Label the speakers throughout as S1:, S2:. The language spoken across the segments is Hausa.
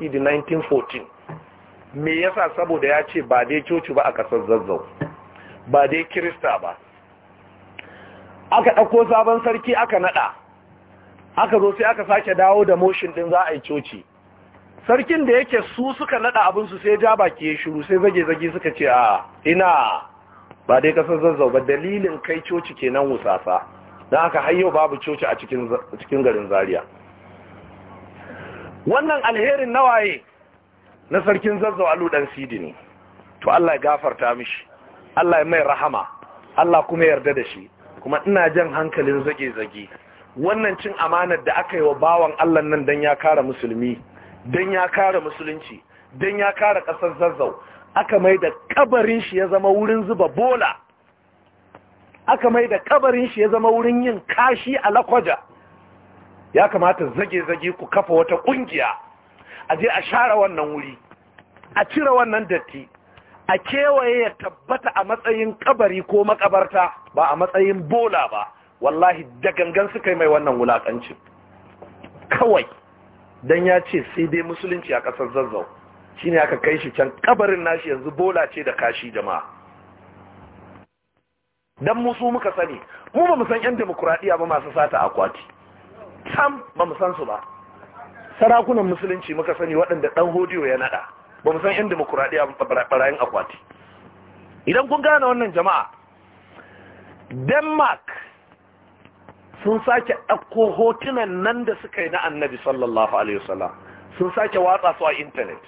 S1: da 1914 me yasa saboda ya ce ba dai coci ba a kasar zazzau ba dai kirista ba aka ɗauko sabon sarki aka naɗa aka zo sai aka sake dawo da moshin ɗin za a yi coci sarkin da yake su suka naɗa abinsu sai ja baki ya shiru sai zage-zage suka ce a ina ba dai kasar zazzau ba dalilin kai coci kenan wusasa don aka hayo babu coci a cikin garin Zariya. wannan alherin nawaye na sarkin zazzau alu dan sidi ne to Allah ya gafarta mishi Allah ya mai rahama Allah kuma yarda da shi kuma ina jan hankalin zage-zage wannan cin amanar da aka yi wa bawan Allah nan dan ya kare musulmi dan ya kare musulunci dan ya kare kasar zazzau aka mai da kabarin shi ya zama wurin zuba bola aka mai da kabarin shi ya zama wurin yin kashi a lakwaja ya kamata zage-zage ku kafa wata kungiya a je a share wannan wuri a cire wannan datti a kewaye ya tabbata a matsayin kabari ko makabarta ba a matsayin bola ba wallahi da gangan suka yi mai wannan wulakancin kawai don ya ce sai dai musulunci a ƙasar zazzau shi ne aka kai shi can kabarin nashi yanzu bola ce da kashi jama'a don musu muka sani mu ba mu san 'yan demokuraɗiyya ba masu sata akwati tam ba mu san su ba sarakunan musulunci muka sani waɗanda ɗan hodiyo ya naɗa ba mu san yan demokuraɗiyya barayin akwati idan kun gane wannan jama'a denmark sun sake ɗauko hotunan nan da suka yi na annabi sallallahu alaihi wasallam sun sake watsa su a intanet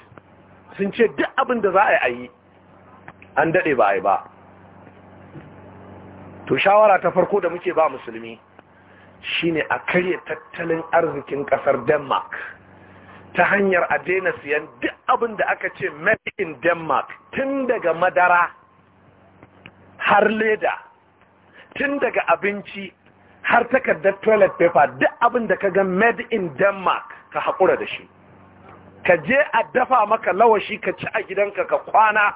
S1: sun ce duk abin da za a yi an daɗe ba a yi ba to shawara ta farko da muke ba musulmi shine a karya tattalin arzikin kasar denmark ta hanyar a daina siyan duk abin da aka ce made in denmark tun daga madara har leda tun daga abinci har takardar toilet paper duk abin da ka ga made in denmark ka haƙura da shi ka je a dafa maka lawashi ka ci a gidanka ka kwana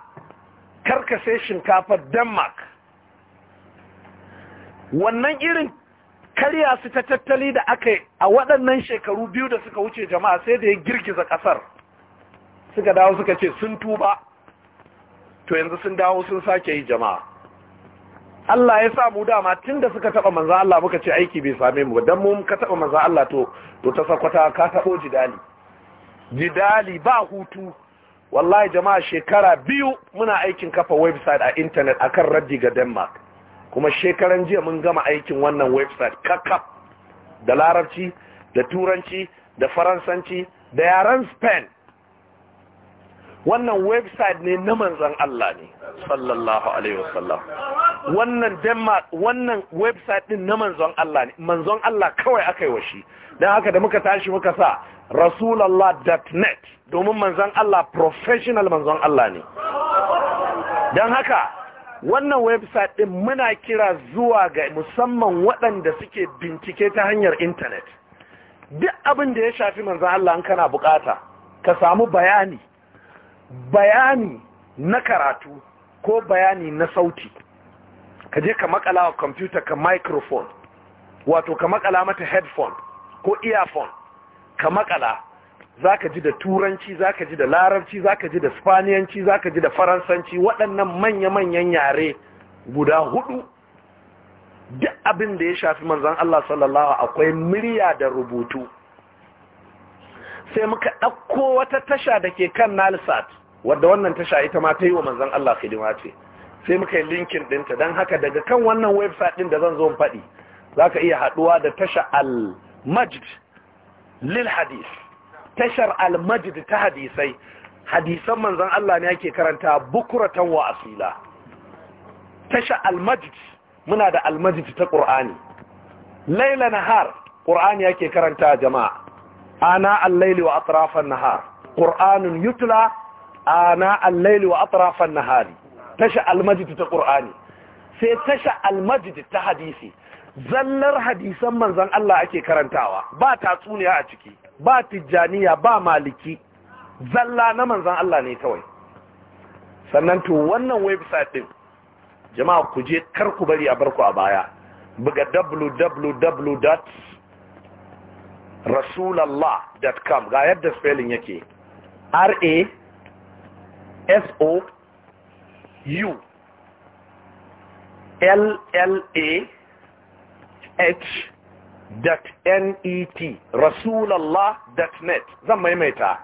S1: karkashe shinkafar denmark wannan irin karya su ta tattali da aka yi a waɗannan shekaru biyu da suka wuce jama'a sai da ya girgiza ƙasar suka dawo suka ce sun tuba to yanzu sun dawo sun sake yi jama'a Allah ya samu dama tun da suka taɓa manzan Allah muka ce aiki bai same mu don mun ka taɓa manzan Allah to to ta sakwata ka taɓo jidali jidali ba hutu wallahi jama'a shekara biyu muna aikin kafa website a intanet akan raddi ga denmark kuma shekaran jiya mun gama aikin wannan website kakaf da larabci da turanci da faransanci da yaren spain wannan website ne na manzan Allah ne sallallahu alaihi wasallam wannan denmark wannan website din na manzon Allah ne manzon Allah kawai aka yi wa shi don haka da muka tashi muka sa rasulallah.net domin manzon Allah professional manzon Allah ne don haka wannan website ɗin muna kira zuwa ga musamman waɗanda suke bincike ta hanyar intanet duk abin da ya shafi manzan Allah kana bukata ka samu bayani bayani na karatu ko bayani na sauti ka je ka makala wa kwamfuta ka microphone wato ka makala mata headphone ko earphone ka makala zaka ji da turanci zaka ji da larabci zaka ji da spaniyanci zaka ji da faransanci waɗannan manya-manyan yare guda hudu duk abin da ya shafi manzan Allah sallallahu akwai murya da rubutu sai muka ɗauko wata tasha da ke kan nalsat wadda wannan tasha ita ma ta yi wa manzan Allah hidima ce sai muka yi linkin ɗinta don haka daga kan wannan website ɗin da zan zo faɗi za ka iya haɗuwa da tasha al majid lil hadith tashar almajid ta hadisai hadisan manzan Allah ne yake karanta bukuratan wa asila tashar almajid muna da almajid ta ƙur'ani laila nahar ƙur'ani yake karanta jama'a ana al-laili wa atrafan nahar ƙur'anun yutla ana al-laili wa atrafan nahari tasha almajid ta ƙur'ani sai tasha almajid ta hadisi zallar hadisan manzan Allah ake karantawa ba tatsuniya a ciki ba tijjaniya ba maliki zalla na manzan Allah ne kawai sannan to wannan website din jama'a ku je kar ku bari a barku a baya buga www.rasulallah.com ga yadda spelling yake r a s o u l l a h www.net rasulallah.net zan maimaita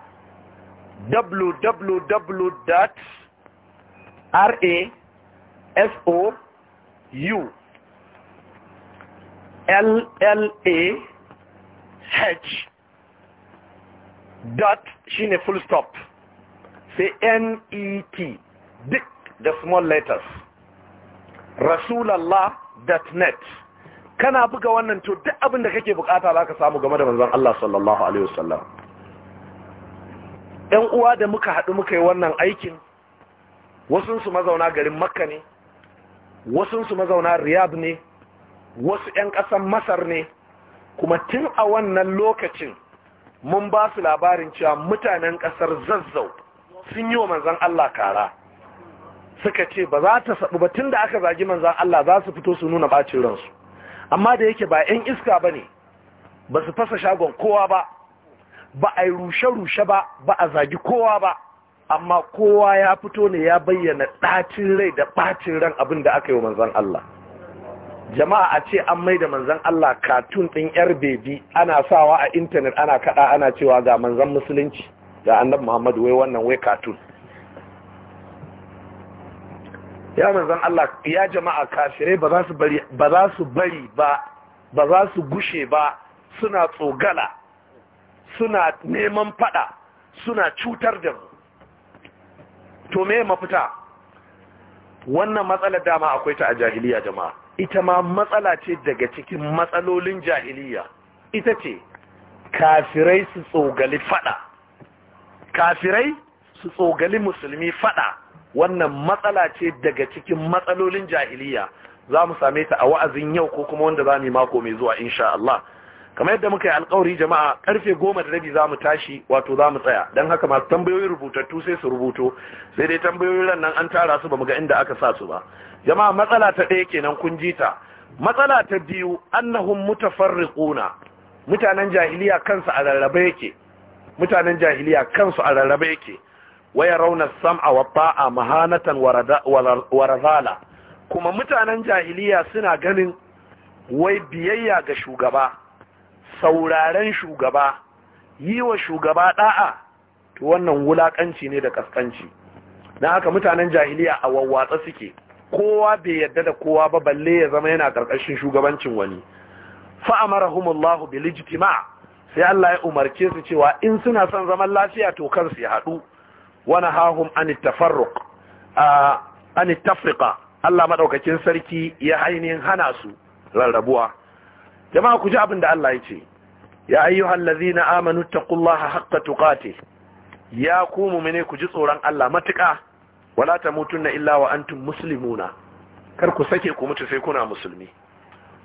S1: www.rasou L-L-A-H dot Shine full stop Say N-E-T duk the small letters rasulallah.net kana buga wannan to duk abin da kake bukata za ka samu game da manzon Allah sallallahu alaihi wasallam ɗan uwa da muka haɗu muka yi wannan aikin wasunsu mazauna garin makka ne wasunsu mazauna riyadh ne wasu 'yan ƙasan masar ne kuma tun a wannan lokacin mun ba su labarin cewa mutanen ƙasar zazzau sun yi wa manzan Allah kara suka ce ba za ta saɓi ba tun da aka zagi manzan Allah za su fito su nuna ɓacin ransu amma da yake ba 'yan iska ba ne ba su fasa shagon kowa ba ba a yi rushe-rushe ba ba a zagi kowa ba amma kowa ya fito ne ya bayyana ɗacin rai da ɓacin ran abin da aka yi wa manzan Allah jama'a a ce an mai da manzan Allah katun ɗin yar bebi ana sawa a intanet ana kaɗa ana cewa ga manzan musulunci ga annabi muhammadu wai wannan wai katun ya manzan Allah ya jama'a kafirai ba za su bari ba za su ba za su gushe ba suna tsogala suna neman fada suna cutar da mu to me mafita wannan matsalar dama akwai ta a jahiliya jama'a ita ma matsala ce daga cikin matsalolin jahiliya ita ce kafirai su tsogali fada kafirai su tsogali musulmi fada wannan matsala ce daga cikin matsalolin jahiliya za mu same ta a wa'azin yau ko kuma wanda za mu yi mako mai zuwa insha Allah kamar yadda muka yi alkawari jama'a karfe goma da rabi za mu tashi wato za mu tsaya don haka masu tambayoyi rubutattu sai su rubuto sai dai tambayoyin nan an tara su ba mu ga inda aka sa su ba jama'a matsala ta ɗaya kenan kun ji ta matsala ta biyu annahum mutafarriquna mutanen jahiliya mutanen jahiliya kansu a rarrabe yake waya rauna sam'a wa ta'a mahanatan Warazala. kuma mutanen jahiliya suna ganin wai biyayya ga shugaba sauraren shugaba yi wa shugaba ɗa'a, to wannan wulaƙanci ne da ƙasƙanci, na haka mutanen jahiliya a wawwatsa suke kowa bai yadda da kowa ba balle ya zama yana ƙarƙashin shugabancin wani fa amarahumullahu bil ijtima' sai Allah ya umarce su cewa in suna son zaman lafiya to kansu ya haɗu wa nahahum an tafarruq an tafriqa Allah madaukakin sarki ya ainihin hana su rarrabuwa jama'a ku ji abin da Allah ya ce ya ayyuhal ladzina amanu taqullaha haqqa tuqatih ya ku mu'mine ku ji tsoron Allah matuƙa wala tamutunna illa wa musulmuna. kar ku sake ku mutu sai kuna musulmi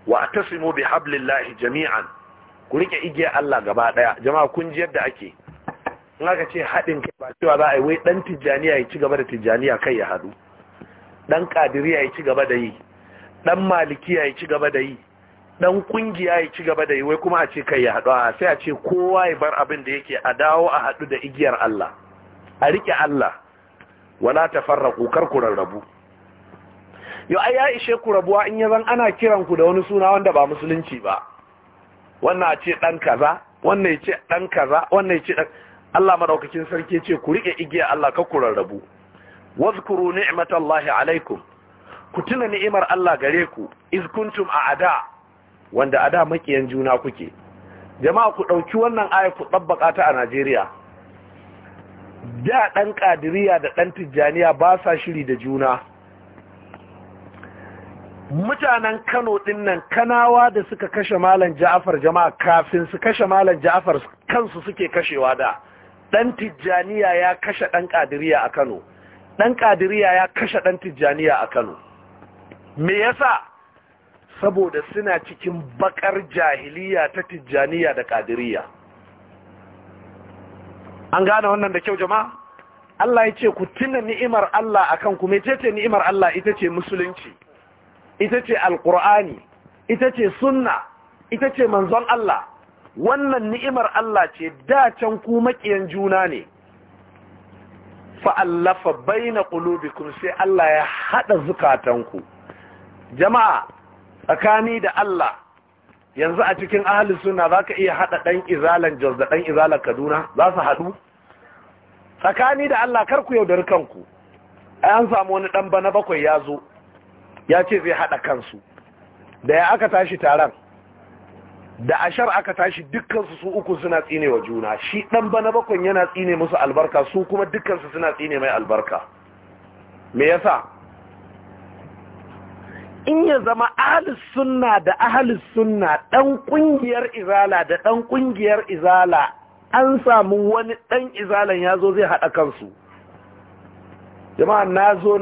S1: wa bi bihablillahi jami'an ku rike igiyar Allah gaba daya jama'a kun ji yadda ake in aka ce haɗin kai ba cewa za a yi wai ɗan tijjaniya ya ci gaba da tijjaniya kai ya haɗu ɗan ƙadiriya ya ci gaba da yi ɗan malikiya ya ci gaba da yi ɗan ƙungiya ya ci gaba da yi wai kuma a ce kai ya haɗu a sai a ce kowa ya bar abin da yake a dawo a haɗu da igiyar Allah a riƙe Allah wala ta farra kar ku rarrabu yau ai ya ishe ku rabuwa in ya yazan ana kiran ku da wani suna wanda ba musulunci ba wannan a ce ɗan kaza wannan ya ce ɗan kaza wannan ya ce ɗan Allah madaukakin sarki ce ku rike igiya Allah ka ku rarrabu wazkuru ni'matallahi alaikum ku tuna ni'imar Allah gare ku iz kuntum a'ada wanda ada makiyan juna kuke jama'a ku ɗauki wannan aya ku dabbaka ta a Najeriya da ɗan kadiriya da ɗan tijjaniya ba sa shiri da juna mutanen Kano ɗinnan kanawa da suka kashe malam Ja'far jama'a kafin su kashe malam Ja'far kansu suke kashewa da ɗan tijjaniya ya kashe ɗan ƙadiriya a kano ɗan ƙadiriya ya kashe ɗan tijjaniya a kano me yasa saboda suna cikin bakar jahiliya ta tijjaniya da kadiriya? an gane wannan da kyau jama'a Allah ya ce ku tuna ni'imar Allah akan ku ce ni'imar Allah ita ce musulunci ita ce alkur'ani ita ce sunna ita ce manzon Allah wannan ni'imar Allah ce da can ku maƙiyan juna ne fa'allafa baina qulubikum sai Allah ya haɗa zukatanku jama'a tsakani da Allah yanzu a cikin ahli sunna zaka iya hada dan izalan Jos da dan izalan Kaduna za su hadu tsakani da Allah kar ku yaudar kanku an samu wani dan bana bakwai yazo ya ce zai haɗa kansu da ya aka tashi taron da ashar aka tashi dukkansu su uku suna tsine wa juna shi ɗan bana bakon yana tsine musu albarka su kuma dukkansu suna tsine mai albarka me yasa in ya zama ahli sunna da ahli sunna dan kungiyar izala da ɗan ƙungiyar izala an samu wani ɗan izalan yazo zai haɗa kansu jama'a na zo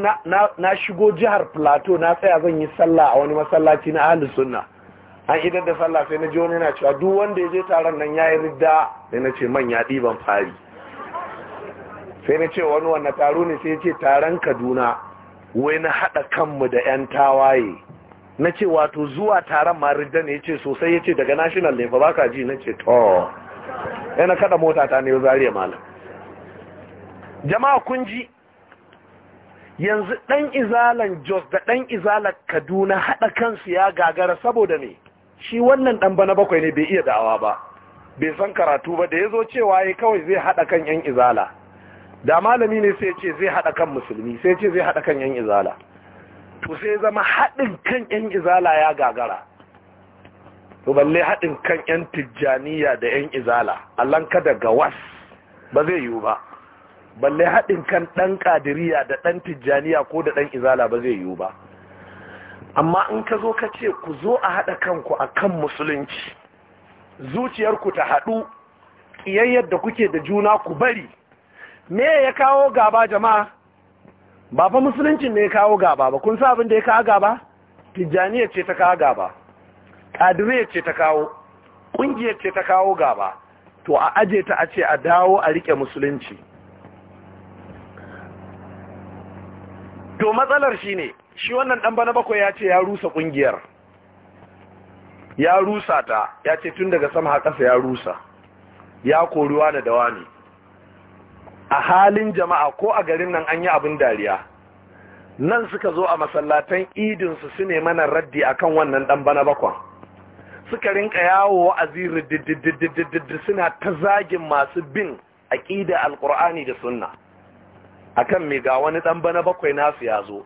S1: na shigo jihar plateau na tsaya zan yi sallah a wani masallaci na ahlus sunna an hidar da sallah sai na ji wani na cewa duk wanda ya je taron nan ya yi ridda sai na ce manya ɗiban fari sai na ce wani wanne taro ne sai ya ce taron kaduna wai na haɗa kanmu da 'yan tawaye na ce wato zuwa taron ma ridda ne ya ce sosai ya ce daga national ne fa ba ka ji na ce to yana kada mota ta ne ya zariya malam jama'a kun ji yanzu ɗan izalan jos da ɗan izalan kaduna haɗa kansu ya gagara saboda me shi wannan dan bana bakwai ne bai iya da'awa ba bai san karatu ba da yazo cewa yayi kawai zai haɗa kan yan izala da malami ne sai ce zai hada kan musulmi sai ce zai hada kan yan izala to sai zama haɗin kan yan izala ya gagara to balle hadin kan yan tijjaniya da yan izala Allah kada ga was ba zai yiwu ba balle haɗin kan ɗan Kadiriya da ɗan tijjaniya ko da ɗan izala ba zai yiwu ba amma in ka zo ka ce ku zo a haɗa kanku a kan musulunci zuciyarku ta haɗu ƙiyayyar da kuke da juna ku bari me ya kawo gaba jama'a ba fa musuluncin ne ya kawo gaba ba kun sa abin da ya kawo gaba tijjaniya ce ta kawo gaba ƙadiriyar ce ta kawo ƙungiyar ce ta kawo gaba to a aje ta a ce a dawo a riƙe musulunci to matsalar shi ne shi wannan ɗan bana bakwai ya ce ya rusa ƙungiyar. ya rusa ta ya ce tun daga sama ƙasa ya rusa ya koruwa da ne. a halin jama'a ko a garin nan an yi abin dariya nan suka zo a masallatan idinsu su ne mana raddi a kan wannan ɗan bana bakwan suka rinka yawo wa'azi riddiddiddiddiddi suna ta zagin masu bin aƙida Alƙur'ani da sunna akan me ga wani ɗan bana bakwai nasu ya zo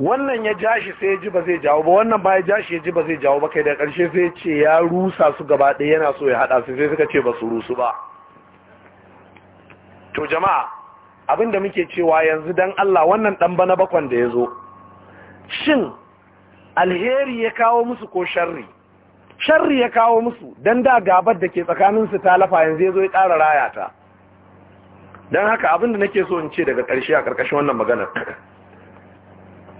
S1: wannan ya ja shi sai ya ji ba zai jawo ba wannan ba ya ja shi ya ji ba zai jawo ba kai da ƙarshe sai ce ya rusa su gaba ɗaya yana so ya haɗa su sai suka ce ba su rusu ba to jama'a abinda muke cewa yanzu dan Allah wannan dan bana bakwan da ya zo shin alheri ya kawo musu ko sharri sharri ya kawo musu dan da gabar da ke tsakaninsu ta lafa yanzu ya zo ya ƙara raya ta don haka abinda nake so in ce daga ƙarshe a ƙarƙashin wannan maganar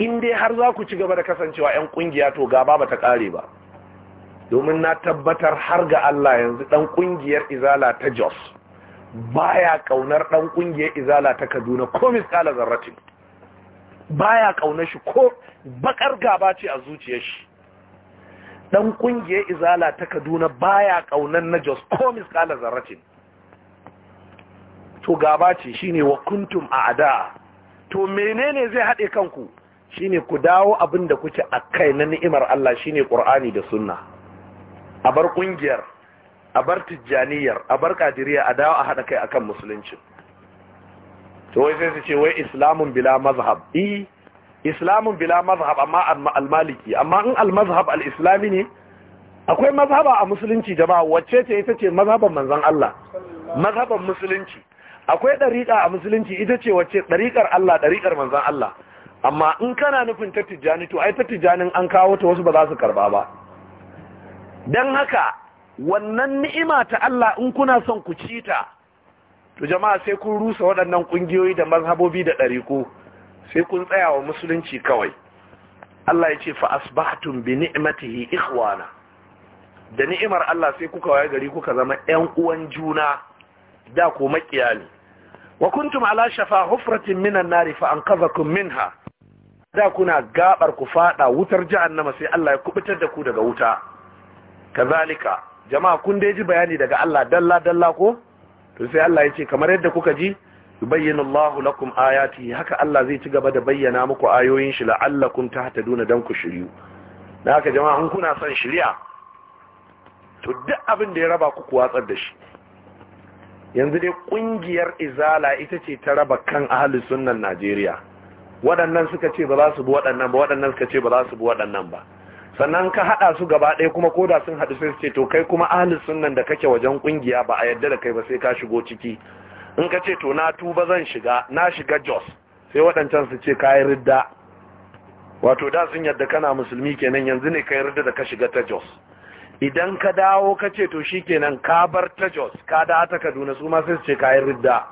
S1: in dai har za ku ci gaba da kasancewa 'yan kungiya to gaba ba ta kare ba domin na tabbatar har ga Allah yanzu ɗan ƙungiyar izala ta Jos baya kaunar dan kungiyar izala ta Kaduna ko misala zarratin baya kaunar shi ko bakar gaba ce a zuciyar shi dan kungiyar izala ta Kaduna baya kaunar na Jos ko misala zarratin to gaba ce shine wa kuntum a'da to menene zai haɗe kanku shine ku dawo abin da kuke a kai na ni'imar Allah shine Qur'ani da Sunna a bar kungiyar a bar tijjaniyar a bar kadiriya a dawo a hada kai akan musulunci to wai sai su ce wai islamun bila mazhab i e, islamun bila mazhab amma al-maliki amma in al-mazhab al-islami ne akwai mazhaba a musulunci jama'a wacce ce ita ce mazhaban manzon Allah mazhaban musulunci akwai dariqa a musulunci ita ce wacce dariqar Allah dariqar manzon Allah amma in kana nufin ta tijjani to ai ta tijjanin an kawo ta wasu ba za su karba ba don haka wannan ni'ima ta Allah in kuna son ku ci ta to jama'a sai kun rusa waɗannan ƙungiyoyi da mazhabobi da ɗariko sai kun tsaya wa musulunci kawai Allah ya ce fa asbahtum bi ni'matihi ikhwana da ni'imar Allah sai kuka waye gari kuka zama ƴan uwan juna da ko makiya wa kuntum ala shafa hufratin minan nari fa anqadhakum minha da kuna gabar ku fada wutar jahannama sai Allah ya kubutar da ku daga wuta kazalika jama'a kun dai ji bayani daga Allah dalla dalla ko to sai Allah ya ce kamar yadda kuka ji yubayyinu Allahu lakum ayati haka Allah zai ci gaba da bayyana muku ayoyin shi la'allakum tahtaduna dan ku shiryu dan haka jama'a in kuna son shiriya to duk abin da ya raba ku ku watsar da shi yanzu dai kungiyar izala ita ce ta raba kan ahlus sunnan Najeriya waɗannan suka ce ba za su bi waɗannan ba waɗannan suka ce ba za su bi waɗannan ba sannan ka haɗa su gaba ɗaya kuma koda sun haɗu sai su ce to kai kuma ahlus sunnan da kake wajen kungiya ba a yadda da kai ba sai ka shigo ciki in ka ce to na tuba zan shiga na shiga jos sai waɗancan su ce kayi ridda wato da sun yadda kana musulmi kenan yanzu ne kayi ridda da ka shiga ta jos idan ka dawo ka ce to shikenan ka bar ta jos ka da ta kaduna su ma sai su ce kayi ridda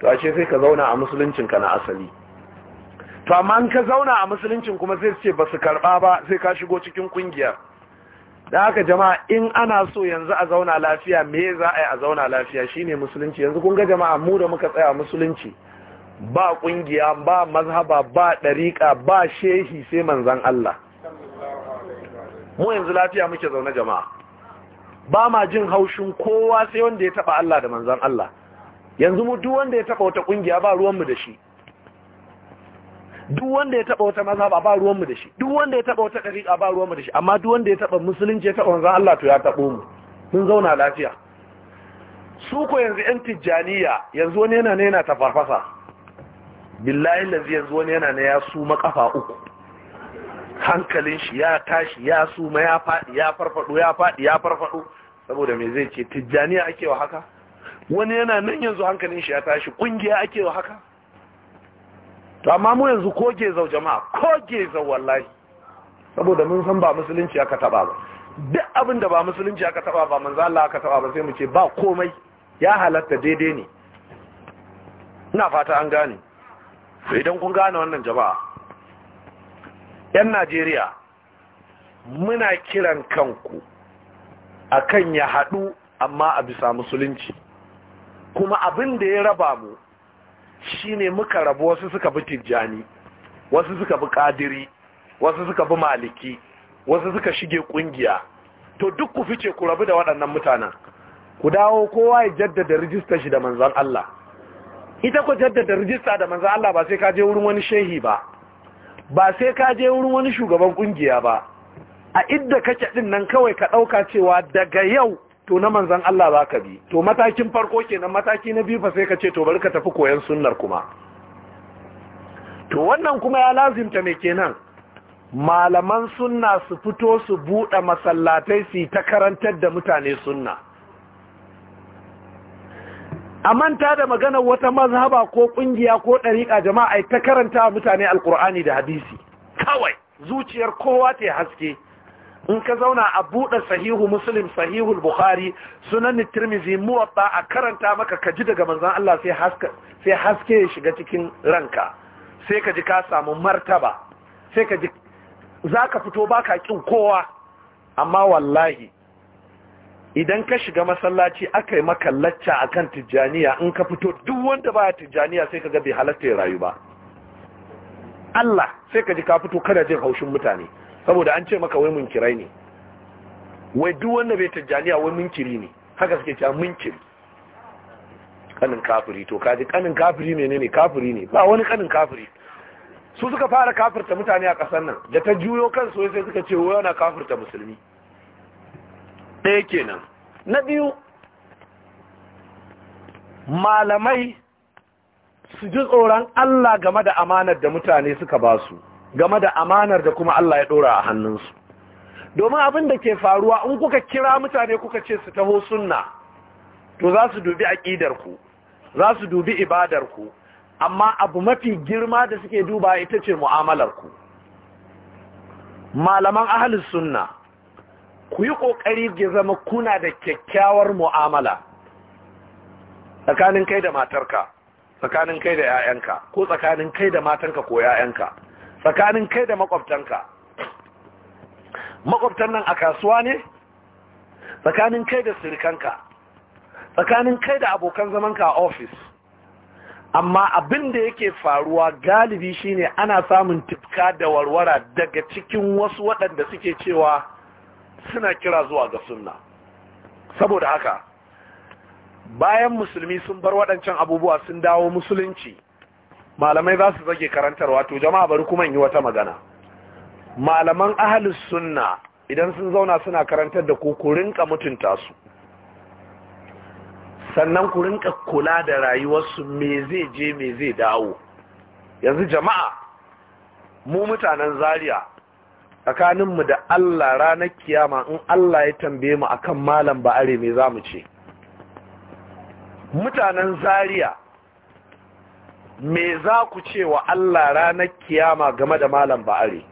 S1: to ashe sai ka zauna a musuluncinka na asali to amma an ka zauna a musuluncin kuma zai ce ba su karɓa ba sai ka shigo cikin ƙungiyar da haka jama'a in ana so yanzu a zauna lafiya me za a yi a zauna lafiya shine musulunci yanzu kun ga jama'a mu da muka tsaya musulunci ba ƙungiya, ba mazhaba ba ɗariƙa ba shehi sai manzan Allah mu yanzu lafiya muke zaune jama'a ba ma jin haushin kowa sai wanda ya taba Allah da manzan Allah yanzu mu duk wanda ya taba wata ƙungiya ba ruwanmu da shi duk wanda ya taba wata maza ba ba ruwanmu da shi duk wanda ya taba wata dariqa ba ruwanmu da shi amma duk wanda ya taba musulunci ya taba wanzan Allah to ya tabo mu mun zauna lafiya su ko yanzu yan tijjaniya yanzu wani yana ne yana tafafasa. billahi lazi yanzu wani yana ne ya su makafa uku hankalin shi ya tashi ya su ma ya faɗi ya farfado ya faɗi ya farfado saboda me zai ce tijjaniya ake wa haka wani yana nan yanzu hankalin shi ya tashi kungiya ake wa haka to amma mu yanzu koge zau jama'a koge zau wallahi saboda mun san ba musulunci aka taba ba duk abin da ba musulunci aka taba ba manzo Allah aka taba ba sai mu ce ba komai ya halatta daidai ne ina fata an gane to idan kun gane wannan jama'a yan Najeriya muna kiran kanku akan ya haɗu amma a bisa musulunci kuma abin da ya raba mu shine muka rabu wasu suka bi tijjani wasu suka bi kadiri wasu suka bi maliki wasu suka shige kungiya to duk ku fice ku rabu da waɗannan mutanen ku dawo kowa ya jaddada rijistar shi da manzan Allah ita ku jaddada rijista da manzan Allah ba sai ka je wurin wani shehi ba ba sai ka je wurin wani shugaban kungiya ba a idda kake din nan kawai ka ɗauka cewa daga yau to na manzan Allah za ka bi to matakin farko ke nan, mataki na biyu fa sai ka ce to bari ka tafi koyan sunnar kuma to wannan kuma ya lazimta me kenan malaman sunna su fito su buɗe masallatai su ta karantar da mutane sunna a manta da maganar wata mazhaba ko ƙungiya ko ɗariƙa jama'a ta karanta mutane alƙur'ani da hadisi kawai zuciyar kowa ta haske in ka zauna a buɗe sahihu muslim sahihu bukhari sunan tirmizi muwatta a karanta maka ka ji daga manzon Allah sai haske ya shiga cikin ranka sai ka ji ka samu martaba sai ka ji zaka fito baka kin kowa amma wallahi idan ka shiga masallaci aka yi maka lacca akan tijjaniya in ka fito duk wanda baya tijjaniya sai ka ga bai halatta ya rayu ba Allah sai ka ji ka fito kana jin haushin mutane saboda an ce maka wai kirai ne wai duk wanda bai tajjaliya wai kiri ne haka suke cewa munkiri kanin kafiri to kaji kanin kafiri menene kafiri ne ba wani kanin kafiri su suka fara kafirta mutane a kasar nan da ta juyo kansu sai suka ce wai yana kafirta musulmi ɗaya kenan na biyu malamai su ji tsoron Allah game da amanar da mutane suka ba su game da amanar da kuma Allah ya ɗora a hannunsu domin abin da ke faruwa in kuka kira mutane kuka ce su taho sunna to za su dubi aƙidarku za su dubi ibadarku amma abu mafi girma da suke duba ita ce mu'amalarku malaman ahalin sunna ku yi ƙoƙari ga zama kuna da kyakkyawar mu'amala tsakanin kai da matarka tsakanin kai da 'ya'yanka ko tsakanin kai da matanka ko 'ya'yanka tsakanin kai da makwabtanka makwabtan nan a kasuwa ne tsakanin kai da sirikanka tsakanin kai da abokan zamanka a ofis amma abin da yake faruwa galibi shine ana samun tifka da warwara daga cikin wasu waɗanda suke cewa suna kira zuwa ga sunna saboda haka bayan musulmi sun bar waɗancan abubuwa sun dawo musulunci malamai za su zage karantarwa to jama'a bari kuma yi wata magana malaman ahalus sunna idan sun zauna suna karantar da ku ku rinka mutunta su sannan ku rinka kula da rayuwarsu me zai je me zai dawo yanzu jama'a mu mutanen zaria tsakaninmu da Allah ranar kiyama in Allah ya tambaye mu akan malam are me za mu ce mutanen zaria me za ku ce wa Allah ranar kiyama game da malam ba'are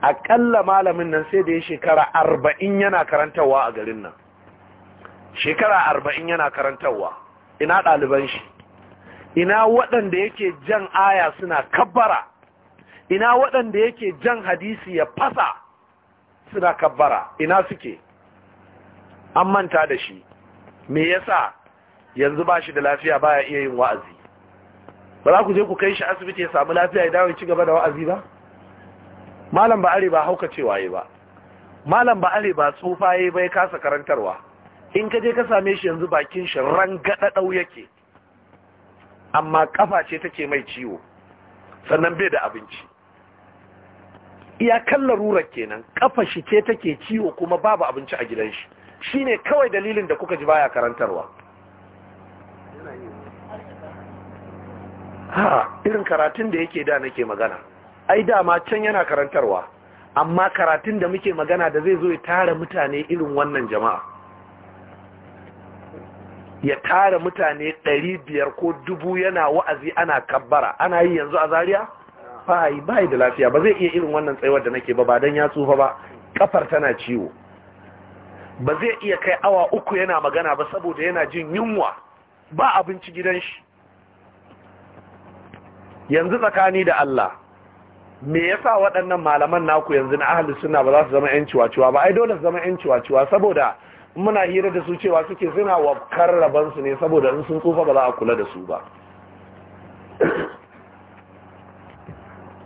S1: aƙalla malamin nan sai da ya shekara arba'in yana karantarwa a garin nan shekara arba'in yana karantarwa ina ɗaliban shi ina waɗanda yake jan aya suna kabbara ina waɗanda yake jan hadisi ya fasa suna kabbara ina suke an manta da shi me yasa yanzu ba shi da lafiya baya iya yin wa'azi ba za ku je ku kai shi asibiti ya samu lafiya ya dawo ya ci gaba da wa'azi ba malam ba are ba hauka cewa yi ba malam ba are ba tsufa yi ba ya kasa karantarwa in ka je ka same shi yanzu bakin shi rangada dau yake amma kafa ce take mai ciwo sannan bai da abinci kallar larurar kenan kafa shi ce take ciwo kuma babu abinci a gidan shi shine kawai dalilin da kuka ji baya karantarwa ha irin karatun da yake da nake magana ai dama can yana karantarwa amma karatun da muke magana da zai zo ya tara mutane irin wannan jama'a ya tara mutane ɗari biyar ko dubu yana wa'azi ana kabbara ana yi yanzu a zariya Ba yi da lafiya ba zai iya irin wannan tsayuwar da nake ba ba don ya tsufa ba kafar tana ciwo ba zai iya kai awa uku yana magana ba saboda yana jin yunwa ba abinci gidan shi yanzu tsakani da Allah me yasa waɗannan malaman naku yanzu na ahli sunna ba za su zama yan ciwaciwa ba ai dole su zama yan ciwaciwa saboda muna hira da su cewa suke suna wa karraban su ne saboda in sun tsufa ba za a kula da su ba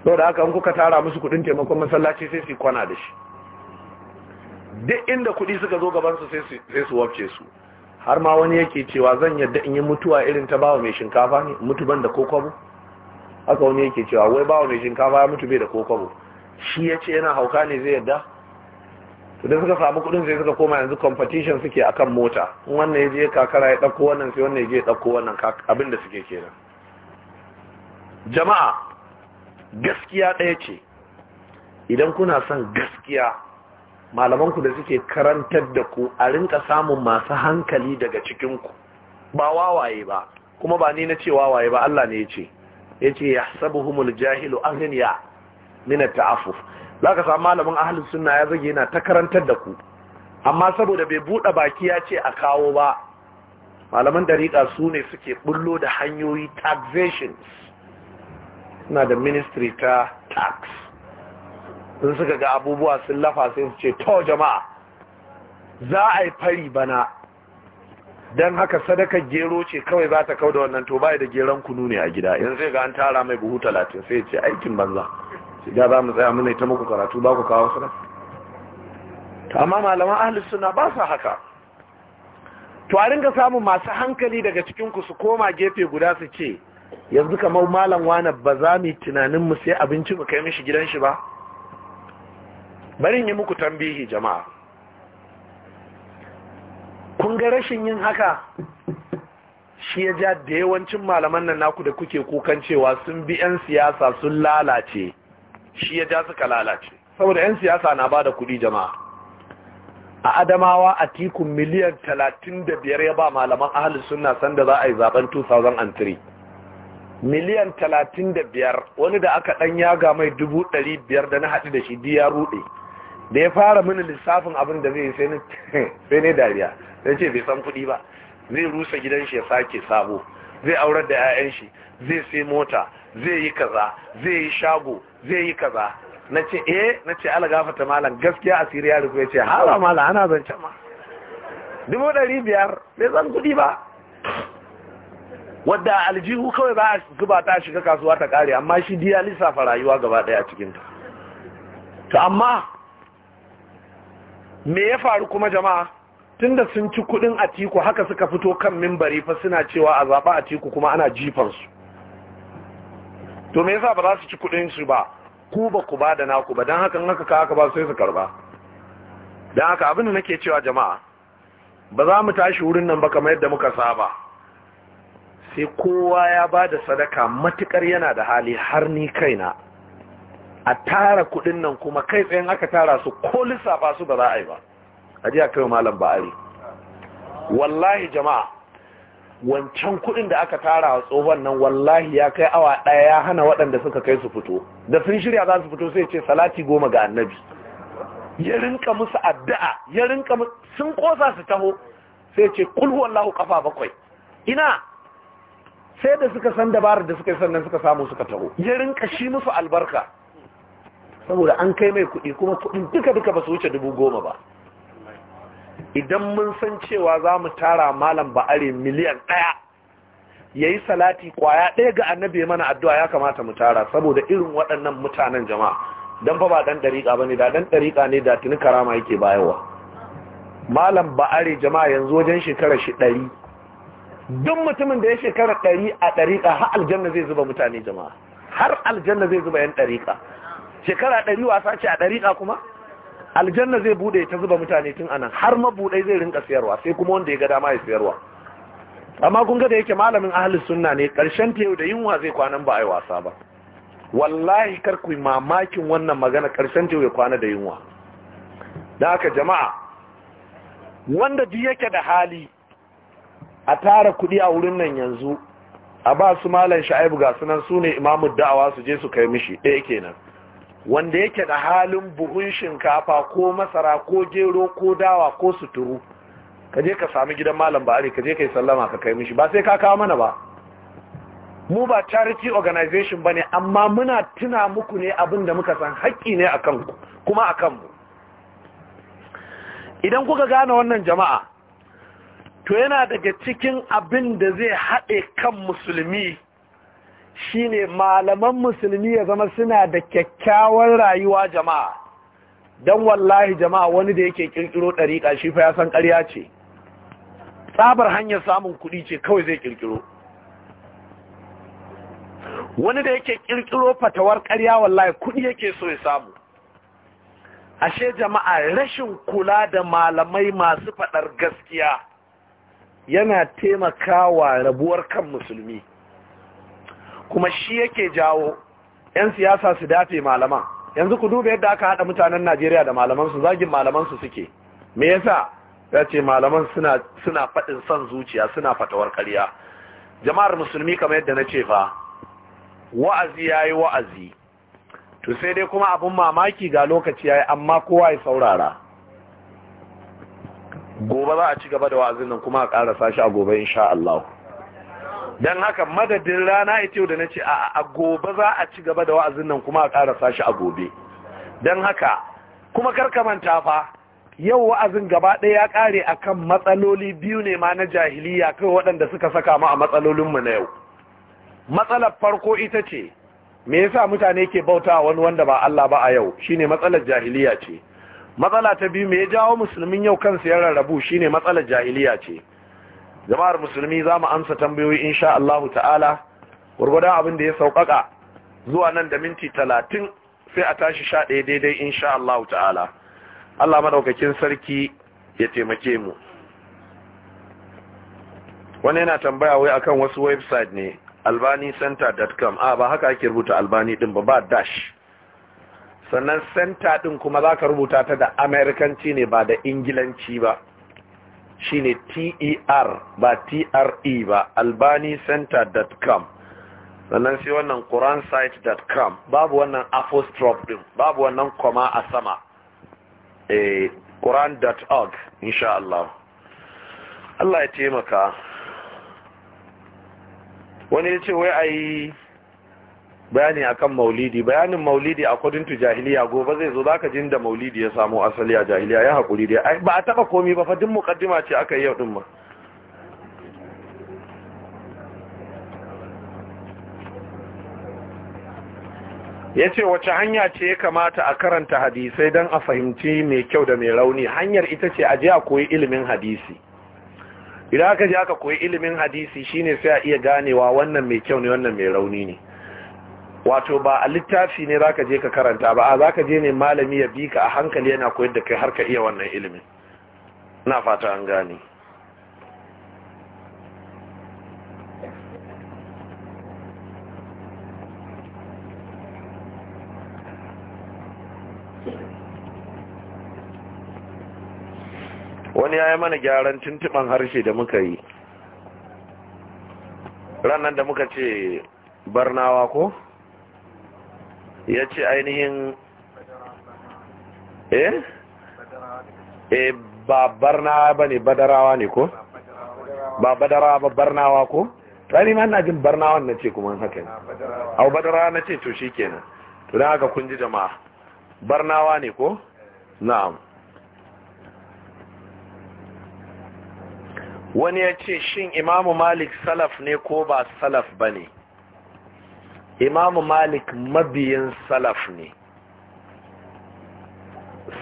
S1: da haka in kuka tara musu kudin taimakon masallaci sai su kwana da shi duk inda kudi suka zo gaban su sai su wabce su har ma wani yake cewa zan yadda in yi mutuwa irin ta bawa mai shinkafa ne mutuban da ko kwabo haka wani yake cewa wai bawa mai shinkafa ya mutu bai da kokobo shi ya ce yana hauka ne zai yadda da suka samu kudin sai suka koma yanzu competition suke akan mota wannan ya je kakara ya ɗauko wannan sai wannan ya je ɗauko wannan abin da suke kenan jama'a gaskiya ɗaya ce idan kuna son gaskiya malamanku da suke karantar da ku a rinka samun masu hankali daga cikinku ba wawaye ba kuma ba ni na ce wawaye ba Allah ne ya ce yace yahsabuhumul jahilu aghniya min taaffuf zaka samu malamin ahlus sunna ya zage yana ta karantar da ku amma saboda bai bude baki ya ce a kawo ba malaman dariqa su ne suke bullo da hanyoyi taxations na da ministry ta tax sun suka ga abubuwa sun lafa sai su ce to jama'a za a yi fari bana dan haka sadaka gero ce kawai za ta kau da wannan to bai da geron kunu ne a gida Idan zai ga an tara mai buhu talatin sai ce aikin banza sai ga za mu tsaya muna ta muku karatu ba ku kawo sana to amma malaman ahli sunna ba su haka to a ringa samun masu hankali daga cikin ku su koma gefe guda su ce yanzu kamar malam wani ba za mu tunanin mu sai abinci mu kai mishi gidan shi ba bari yi muku tambihi jama'a kun ga rashin yin haka shi ya ja da yawancin malaman nan naku da kuke kukan cewa sun bi 'yan siyasa sun lalace shi ya ja suka lalace saboda 'yan siyasa na ba da kudi jama'a a adamawa a tikun miliyan 35 ya ba malaman ahalin suna sanda za a yi zaben 2003 miliyan 35 wani da aka ɗan yaga mai 500 da na haɗu da shi diya rude. da ya fara mini lissafin abin da zai sai ne dariya ya ce bai san kuɗi ba zai rusa gidan shi ya sake sabo zai aurar da 'ya'yan shi zai sai mota zai yi kaza zai yi shago zai yi kaza na ce eh na ce ala gafata malam gaskiya asiri ya rufe ce hala malam ana zance ma dubu ɗari biyar bai san kuɗi ba wadda aljihu kawai za a zuba ta shiga kasuwa ta kare amma shi diya lissafa rayuwa gaba ɗaya cikin ta to amma me ya faru kuma jama'a da sun ci kudin atiku haka suka fito kan mimbari fa suna cewa a zaba atiku kuma ana jifansu to me yasa ba za su ci kudin su ba ku ba ku ba da naku ba don hakan haka ka haka ba sai su karba Don haka abin da nake cewa jama'a ba za mu tashi wurin nan ba kamar yadda muka saba sai kowa ya ba da sadaka matukar yana da hali har ni kaina a tara kudin nan kuma kai tsayin aka tara su ko lissafa su ba za a yi ba a a kai malam ba'ari wallahi jama'a wancan kudin da aka tara a tsohon nan wallahi ya kai awa daya ya hana waɗanda suka kai su fito da sun shirya za su fito sai ce salati goma ga annabi ya rinka musu addu'a ya rinka sun kosa su taho sai ce kul wallahu kafa bakwai ina sai da suka san dabarar da suka yi sannan suka samu suka taho ya rinka shi musu albarka saboda an kai mai kuɗi kuma kuɗin duka duka ba su wuce dubu goma ba idan mun san cewa za mu tara malam ba'are miliyan ɗaya ya yi salati kwaya ɗaya ga annabi mana addu'a ya kamata mu tara saboda irin waɗannan mutanen jama'a don fa ba ɗan ɗariƙa ba ne da ɗan ɗariƙa ne da tuni karama yake bayarwa malam ba'are jama'a yanzu wajen shekara shi ɗari duk mutumin da ya shekara ɗari a ɗariƙa har aljanna zai zuba mutane jama'a har aljanna zai zuba yan ɗariƙa shekara ɗari wasa ce a ɗariƙa kuma aljanna zai bude ta zuba mutane tun anan har mabudai zai rinka sayarwa sai kuma wanda ya ga dama ya sayarwa amma kun ga da yake malamin ahlus sunna ne karshen ta da yunwa zai kwana ba ai wasa ba wallahi kar ku mamakin wannan magana karshen ta ya kwana da yunwa dan haka jama'a wanda duk yake da hali a tara kudi a wurin nan yanzu a ba su Malam sha'ibu ga sunan su ne imamu da'awa su je su kai mishi ɗaya kenan wanda yake da halin buhun shinkafa ko masara ko gero ko dawa ko suturu ka je ka sami gidan malam ba'ari ka je ka yi sallama ka kai mishi ba sai ka kawo mana ba mu ba charity organization ba ne amma muna tuna muku ne abin da muka san haƙƙi ne a kanku kuma a kanmu idan kuka gane wannan jama'a to yana daga cikin abin da zai haɗe kan musulmi Shi ne malaman musulmi ya zama suna da kyakkyawar rayuwa jama'a don wallahi jama'a wani da yake kirkiro ɗariƙa shi fa ya san ƙarya ce tsabar hanyar samun kuɗi ce kawai zai kirkiro wani da yake kirkiro fatawar ƙarya wallahi kuɗi yake so ya samu ashe jama'a rashin kula da malamai masu faɗar gaskiya yana taimakawa rabuwar kan musulmi kuma shi yake jawo 'yan siyasa su dafe malaman yanzu ku duba yadda aka haɗa mutanen najeriya da malamansu zagin malamansu suke me yasa ya ce malaman suna faɗin son zuciya suna fatawar karya. jama'ar musulmi kamar yadda na ce fa wa'azi ya yi wa'azi to sai dai kuma abin mamaki ga lokaci ya yi amma kowa ya saurara gobe za a ci gaba da wa'azin nan kuma a ƙarasa shi a gobe insha don haka madadin rana ita yau da na ce a gobe za a ci gaba da wa'azin nan kuma a ƙara shi a gobe don haka kuma karkamanta fa yau wa'azin gaba ɗaya ya ƙare a kan matsaloli biyu ne ma na jahiliya kai waɗanda suka saka mu a matsalolinmu na yau matsalar farko ita ce me yasa mutane ke bauta wani wanda ba Allah ba a yau shine matsalar jahiliya ce matsala ta biyu me ya jawo musulmin yau kansu ya rarrabu shine matsalar jahiliya ce jama'ar musulmi za mu amsa tambayoyi insha Allah ta'ala gurgudan abin da ya sauƙaƙa zuwa nan da minti talatin sai a tashi sha ɗaya daidai insha Allah ta'ala Allah maɗaukakin sarki ya taimake mu wani yana tambaya wai akan wasu website ne albanicenter.com a ba haka ake rubuta albani din ba ba dash sannan center ɗin kuma za ka rubuta ta da amerikanci ne ba da ingilanci ba shine ter ba tre ba albanicenter.com sannan sai wannan quransite.com babu wannan apostrophe din babu wannan koma a sama eh quran.org insha Allah Allah ya taimaka wani ya ce wai ayi. bayani akan maulidi bayanin maulidi a kudin tu jahiliya gobe zai zo zaka jin da maulidi ya samu asali a jahiliya ya hakuri dai ba a taba komi ba fa duk muqaddima ce aka yi yau din ma yace wace hanya ce ya kamata a karanta hadisai dan a fahimci mai kyau da mai rauni hanyar ita ce a je a koyi ilimin hadisi idan aka je aka koyi ilimin hadisi shine sai a iya ganewa wannan mai kyau ne wannan mai rauni ne wato ba a littafi ne zaka je ka karanta ba a zaka je ne malami ya bi ka a hankali yana koyar da kai har ka iya wannan ilimin na fata an gane wani ya yi mana gyaran tuntuban harshe da muka yi ranar da muka ce barnawa ko? ya ce ainihin eh eh ba barnawa ba ne badarawa ne ko ba badarawa ba barnawa ko tsari ma na jin barnawa na ce kuma haka ne a badarawa na ce to shi kenan to don haka kun ji jama'a barnawa ne ko na'am wani ya ce shin imamu malik salaf ne ko ba salaf ba ne imam malik mabiyin salaf ne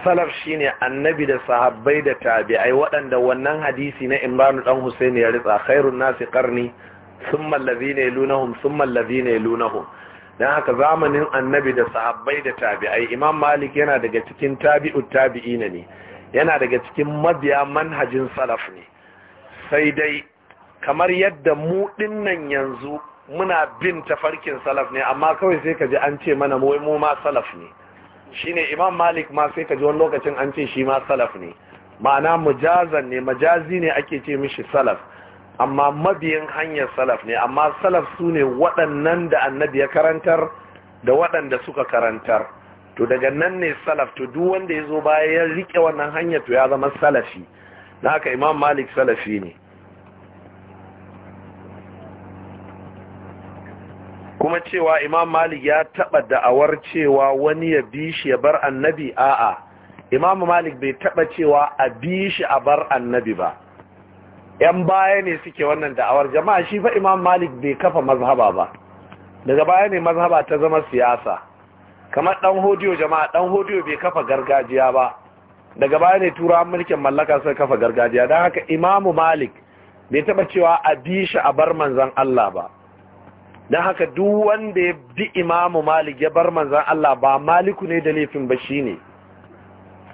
S1: salaf shine annabi da sahabbai da tabi'ai waɗanda wannan hadisi na imranu dan husain ya ritsa khairun nasi qarni thumma allazina yalunhum thumma allazina yalunhum dan haka zamanin annabi da sahabbai da tabi'ai imam malik yana daga cikin tabi'ut tabi'ina ne yana daga cikin mabiya manhajin salaf ne sai dai kamar yadda mu dinnan yanzu muna bin tafarkin salaf ne amma kawai sai ka ji an ce mana wai mu ma salaf ne shine imam malik ma sai ka ji wani lokacin an ce shi ma salaf ne ma'ana mujazan ne majazi ne ake ce mishi salaf amma mabiyin hanyar salaf ne amma salaf su ne waɗannan da annabi ya karantar da waɗanda suka karantar to daga nan ne salaf to duk wanda ya zo baya ya rike wannan hanyar to ya zama salafi na haka imam malik salafi ne kuma cewa imam malik ya taba da'awar cewa wani ya bi shi ya bar annabi a'a imam malik bai taba cewa a bi shi a bar annabi ba yan baya ne suke wannan da'awar jama'a shi fa imam malik bai kafa mazhaba ba daga baya ne mazhaba ta zama siyasa kamar dan hodiyo jama'a dan hodiyo bai kafa gargajiya ba daga baya ne turawan mulkin mallaka sai kafa gargajiya dan haka imam malik bai taba cewa a bi shi a bar manzon Allah ba Na haka duk wanda ya bi imamu malik ya bar manzan Allah ba maliku ne da laifin ba shi ne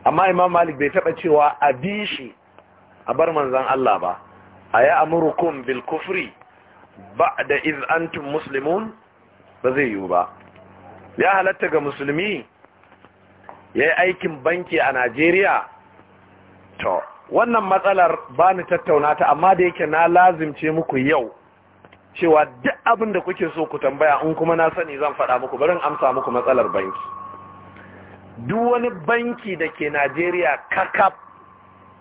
S1: amma imam malik bai taɓa cewa a bi shi a bar manzan Allah ba a yi amurukun bil kufri ba da iz'antun musulmun ba zai yiwu ba ya halatta ga musulmi ya yi aikin banki a najeriya to wannan matsalar ba ni tattauna amma da yake na lazimce muku yau cewa duk abin da kuke so ku tambaya in kuma na sani zan faɗa muku barin amsa muku matsalar banki duk wani banki da ke Najeriya kakaf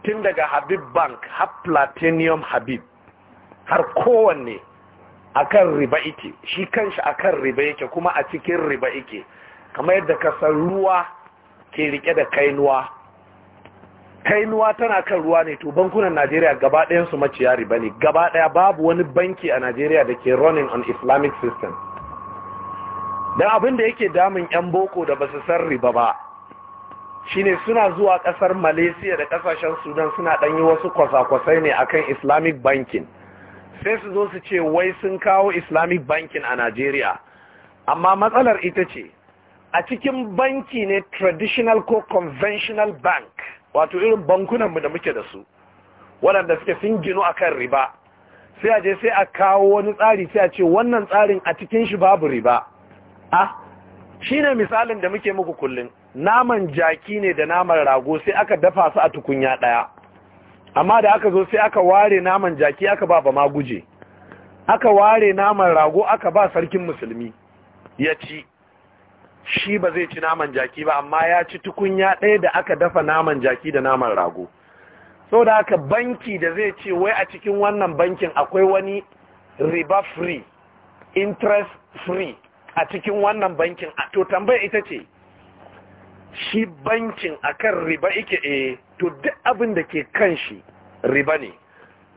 S1: tun daga Habib Bank har Platinum Habib har kowanne akan riba ike shi kanshi akan riba yake kuma a cikin riba ike kamar yadda kasar ruwa ke rike da kainuwa kainuwa tana kan ruwa ne to bankunan Najeriya gaba ɗayan su maciya ne gaba ɗaya babu wani banki a Najeriya da ke running on Islamic system dan abin da yake damun yan boko da basu san riba ba shine suna zuwa ƙasar Malaysia da ƙasashen Sudan suna ɗanyi yi wasu kwasa-kwasai ne a kan Islamic banking sai su zo su ce wai sun kawo Islamic banking a Najeriya amma matsalar ita ce a cikin banki ne traditional ko conventional bank wato irin bankunan mu da muke da su waɗanda suke sun a kan riba sai a je sai a kawo wani tsari sai a ce wannan tsarin a cikin shi babu riba a shi ne misalin da muke muku kullum naman jaki ne da naman rago sai aka dafa su a tukunya ɗaya amma da aka zo sai aka ware naman jaki aka ba ba ma aka ware naman rago aka ba sarkin musulmi ya ci shi ba zai ci naman jaki ba amma ya ci tukunya ɗaya da aka dafa naman jaki da naman rago so da haka banki da zai ce wai a cikin wannan bankin akwai wani riba free interest free a cikin wannan bankin to tambaya ita ce shi bankin akan riba ike e eh, to duk abin da ke kan shi riba ne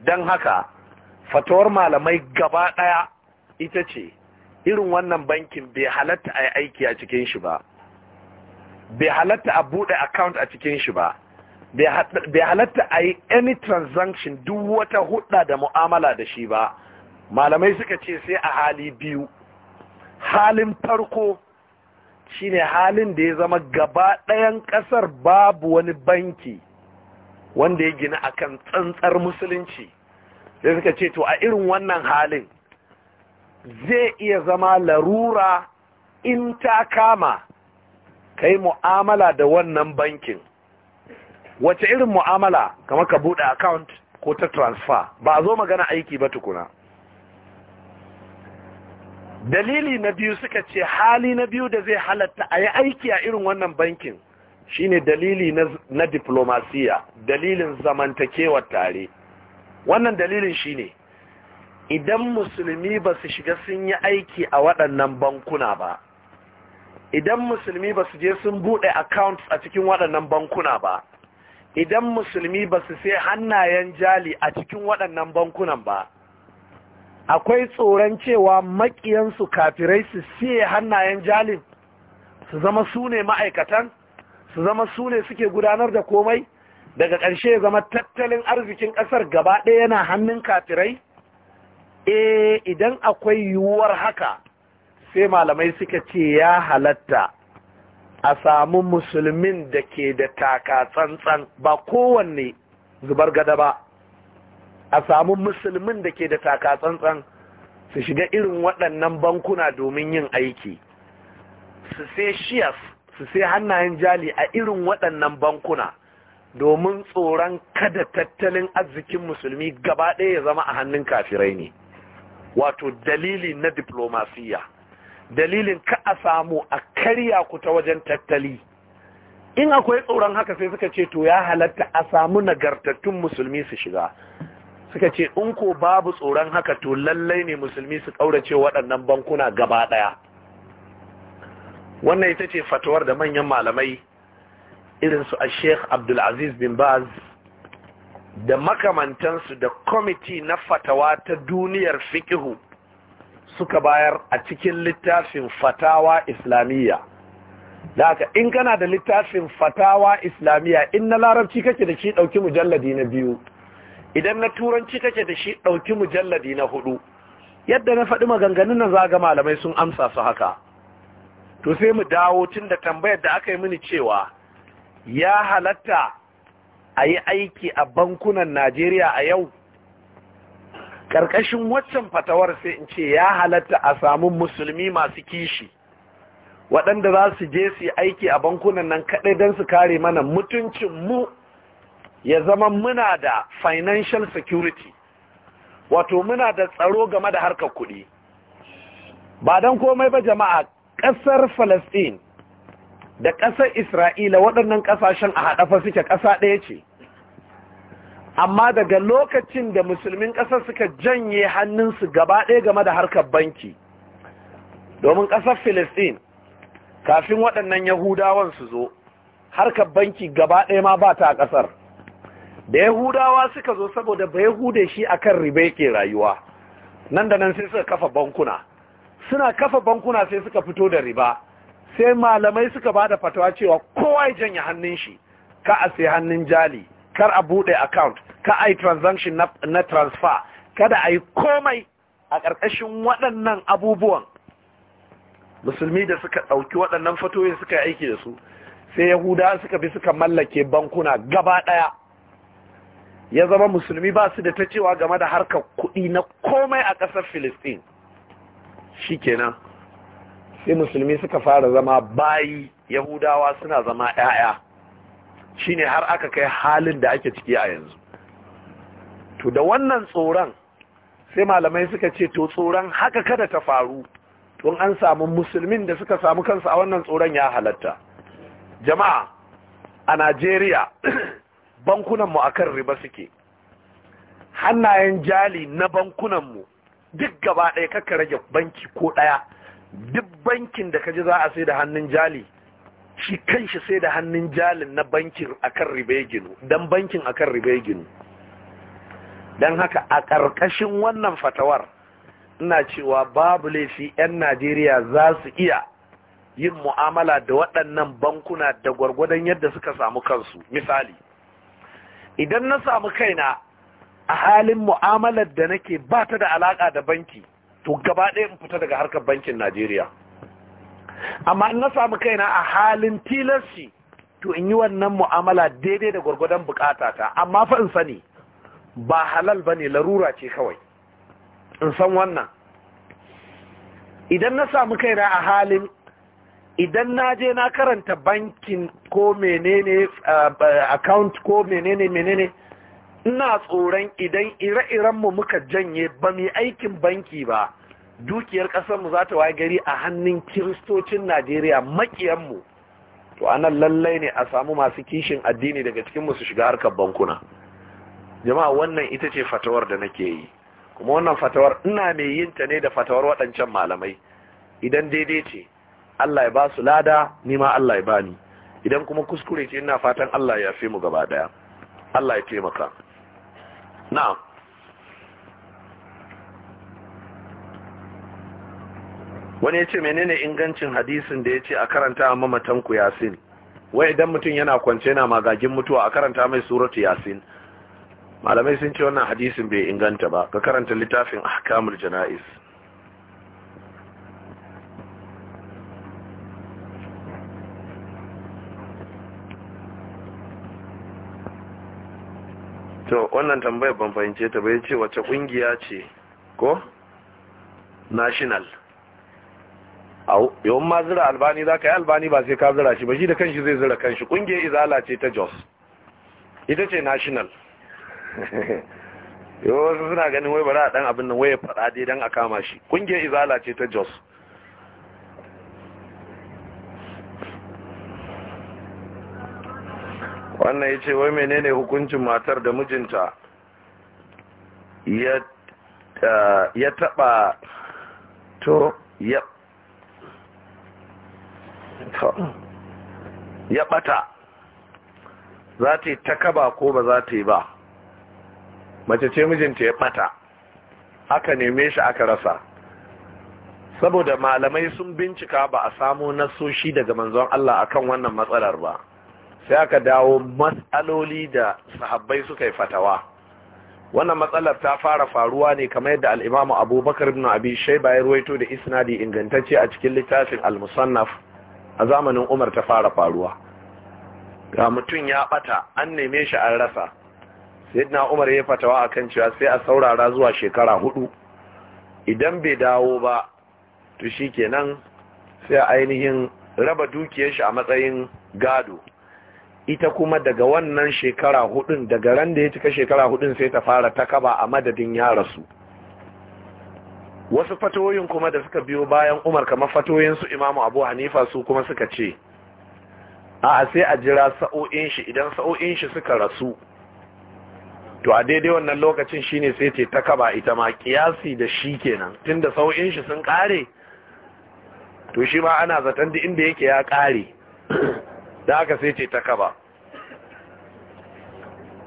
S1: don haka fatawar malamai gaba ɗaya ita ce irin wannan bankin bai halatta a aiki a cikin shi ba bai halatta a bude account a cikin shi ba bai halatta a yi any transaction duk wata hudda da mu'amala da shi ba malamai suka ce sai a hali biyu halin farko shine halin da ya zama gaba ɗayan ƙasar babu wani banki wanda ya gina akan tsantsar musulunci sai suka ce to a irin wannan halin zai iya zama larura in ta kama ka yi mu'amala da wannan bankin wace irin mu'amala kama ka buɗe account ko ta transfer ba a zo magana aiki ba tukuna dalili na biyu suka ce hali na biyu da zai halatta a yi aiki a irin wannan bankin shine dalili na, na diplomasiya dalilin zamantakewar tare wannan dalilin shine idan musulmi ba su shiga sun yi aiki a waɗannan bankuna ba idan musulmi ba su je sun buɗe accounts a cikin waɗannan bankuna ba idan musulmi ba su sai hannayen jali a cikin waɗannan bankunan ba akwai tsoron cewa maƙiyansu kafirai su siye hannayen jalin su zama su ne ma'aikatan su zama su ne suke gudanar da komai daga ƙarshe zama tattalin arzikin ƙasar gaba ɗaya yana hannun kafirai eh idan akwai yiwuwar haka sai malamai suka ce ya halatta a samu musulmin da ke da taka tsantsan ba kowanne zubar gada ba a samu musulmin da ke da taka tsantsan su shiga irin waɗannan bankuna domin yin aiki su sai shiyas su sai hannayen jali a irin waɗannan bankuna domin tsoron kada tattalin arzikin musulmi gaba ɗaya ya zama a hannun kafirai ne. wato dalili na diplomasiya dalilin ka a samu a karya ku ta wajen tattali in akwai tsoron haka sai suka ce to ya halatta a samu nagartattun musulmi su shiga suka ce in ko babu tsoron haka to lallai ne musulmi su ƙaurace waɗannan bankuna gaba ɗaya wannan ita ce fatuwar da manyan malamai irinsu a sheikh abdulaziz bin baz da makamantansu da kwamiti na fatawa ta duniyar fikihu suka bayar a cikin littafin fatawa islamiyya da haka in kana da littafin fatawa islamiyya in na larabci kake da shi ɗauki mujalladi na biyu idan na turanci kake da shi ɗauki mujalladi na hudu yadda na faɗi maganganun nan zaga malamai sun amsa su haka to sai mu dawo tun da tambayar da aka yi mini cewa ya halatta a yi aiki a bankunan najeriya a yau ƙarƙashin waccan fatawar sai in ce ya halatta a samun musulmi masu kishi waɗanda za su je su yi aiki a bankunan nan kaɗai don su kare mana mutuncinmu ya zama muna da financial security wato muna da tsaro game da harkar kuɗi ba don komai ba jama'a ƙasar Falasɗin da ƙasar Isra'ila waɗannan ƙasashen a haɗafa suke ƙasa ɗaya ce amma daga lokacin da musulmin ƙasar suka janye hannunsu gaba ɗaya game da harkar banki domin ƙasar filistin kafin waɗannan yahudawan su zo harkar banki gaba ɗaya ma ba ta a ƙasar da yahudawa suka zo saboda ba yahude shi a akan riba yake rayuwa nan da nan sai suka kafa bankuna suna kafa bankuna sai suka fito da riba sai malamai suka ba da fatawa cewa kowa ya janye hannun shi ka a sai hannun jali kar a buɗe account ka ai transaction na transfer kada ayi komai a ƙarƙashin waɗannan abubuwan musulmi da suka ɗauki waɗannan fatoyin suka aiki da su sai yahuda suka bi suka mallake bankuna gaba ɗaya ya zama musulmi ba su da ta cewa game da harkar kuɗi na komai a ƙasar filistin shi kenan sai musulmi suka fara zama bayi yahudawa suna zama Shi ne har aka kai halin da ake ciki a yanzu to da wannan tsoron sai malamai suka ce to tsoron haka kada ta faru tun an samu musulmin da suka samu kansu a wannan tsoron ya halatta jama'a a najeriya bankunanmu a kan riba suke hannayen jali na bankunanmu duk gaba ɗaya kakka rage banki ko ɗaya duk bankin da ka ji za a sai da hannun jali shi kanshi sai da hannun jalin na bankin akan riba ya don bankin akan riba ya don haka a ƙarƙashin wannan fatawar ina cewa babu laifi 'yan najeriya za su iya yin mu'amala da waɗannan bankuna da gwargwadon yadda suka samu kansu misali idan na samu kaina a halin mu'amalar da nake ba ta da alaƙa da banki to gaba ɗaya in fita daga harkar bankin najeriya amma in na samu kaina a halin tilasci to in yi wannan mu'amala daidai da gwargwadon bukata ta amma fa in sani ba halal ba ne larura ce kawai in san wannan idan na samu kaina a halin idan na je na karanta bankin ko menene eh, account ko menene menene ina tsoron idan ire-irenmu muka janye ba mai aikin banki ba dukiyar ƙasarmu za ta waye gari a hannun kiristocin najeriya maƙiyanmu to anan lallai ne a samu masu kishin addini daga cikinmu su shiga harkar bankuna jama'a wannan ita ce fatawar da nake yi kuma wannan fatawar ina mai yin ta ne da fatawar waɗancan malamai idan daidai ce Allah ya ba su lada ni ma Allah ya bani idan kuma kuskure ce ina fatan Allah ya fi mu gaba daya Allah ya taimaka na'am wani ya ce menene ingancin hadisin da ya ce a karanta a mamatan ku yasin wai idan mutum yana kwance na magagin mutuwa a karanta mai suratu yasin malamai sun ce wannan hadisin bai inganta ba ka karanta littafin ahkamul jana'iz to wannan tambayar ban fahimce ta bai ce wace kungiya ce ko national yawan ma zira albani za ka yi albani ba sai ka zira shi ba shi da kanshi zai zira kanshi kungiyar izala ce ta jos ita ce national yau wasu suna ganin wai bara dan abin nan waye faɗa dai dan a kama shi ƙungiyar izala ce ta jos wannan ya ce wai menene hukuncin matar da mijinta ya taba to ya ya za ta yi ta kaba ko ba za ta yi ba mace ce mijinta ya bata aka neme shi aka rasa saboda malamai sun bincika ba a samu nasoshi daga manzon Allah akan wannan matsalar ba sai aka dawo matsaloli da sahabbai suka yi fatawa wannan matsalar ta fara faruwa ne kamar yadda al'imamu abubakar ibn abi Shayba ya ruwaito da isnadi ingantacce a cikin littafin al-musannaf a zamanin umar ta fara faruwa ga mutum ya bata an neme shi an rasa sayyidina umar ya fatawa akan cewa sai a saurara zuwa shekara hudu idan bai dawo ba to shikenan sai ainihin raba dukiyar shi a matsayin gado ita kuma daga wannan shekara hudun daga ran da ya cika shekara hudun sai ta fara takaba a madadin yara su. wasu fatoyin kuma da suka biyo bayan umar kamar fatoyin su imamu abu hanifa su kuma suka ce a sai a jira sa'o'in shi idan sa'o'in shi suka rasu to a daidai wannan lokacin shine sai ce ta kaba ita ma kiyasi da shi kenan tunda sau'in shi sun kare to shi ma ana zaton duk inda yake ya kare da aka sai ce ta kaba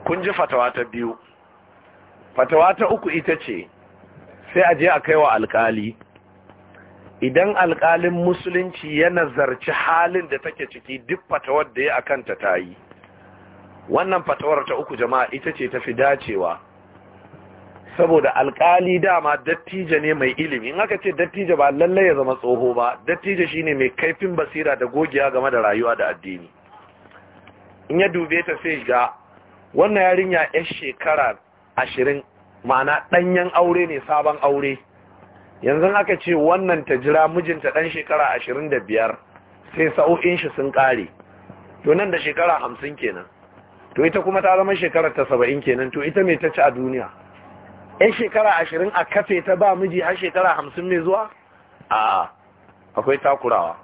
S1: kun ji fatawa ta biyu fatawa ta uku ita ce sai a je a kaiwa alkali idan alkalin musulunci ya nazarci halin da take ciki duk fatawar da ya akanta ta yi wannan fatawar ta uku jama'a ita ce tafi dacewa saboda alkali dama dattijo ne mai ilimi in aka ce dattijo ba lallai ya zama tsoho ba dattijo shine mai kaifin basira da gogiya game da rayuwa da addini in ya dube ta sai ga wannan yarinya ya shekara ashirin ma'ana ɗanyen aure ne sabon aure yanzu aka ce wannan ta jira mijinta ɗan shekara ashirin da biyar sai sa'o'in shi sun ƙare to nan da shekara hamsin kenan to ita kuma ta zama shekarar ta saba'in kenan to ita mai ta ci a duniya yan shekara ashirin a kafe ta ba miji har shekara hamsin mai zuwa a akwai takurawa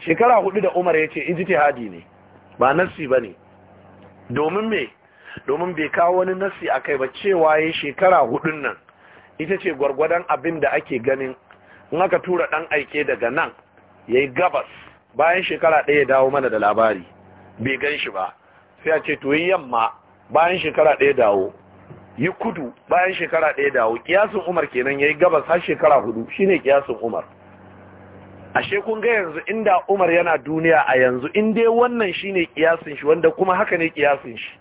S1: shekara hudu da umar ya ce ijtihadi ne ba nassi ba ne domin mai domin bai kawo wani nassi a kai ba cewa ya shekara hudun nan ita ce gwargwadon abin da ake ganin in aka tura ɗan aike daga nan ya yi gabas bayan shekara ɗaya ya dawo mana da labari bai gan shi ba sai a ce to yi yamma bayan shekara ɗaya dawo yi kudu bayan shekara ɗaya dawo kiyasin umar kenan ya yi gabas har shekara hudu shi ne kiyasin umar ashe kun ga yanzu inda umar yana duniya a yanzu inda dai wannan ne kiyasin shi wanda kuma haka ne kiyasin shi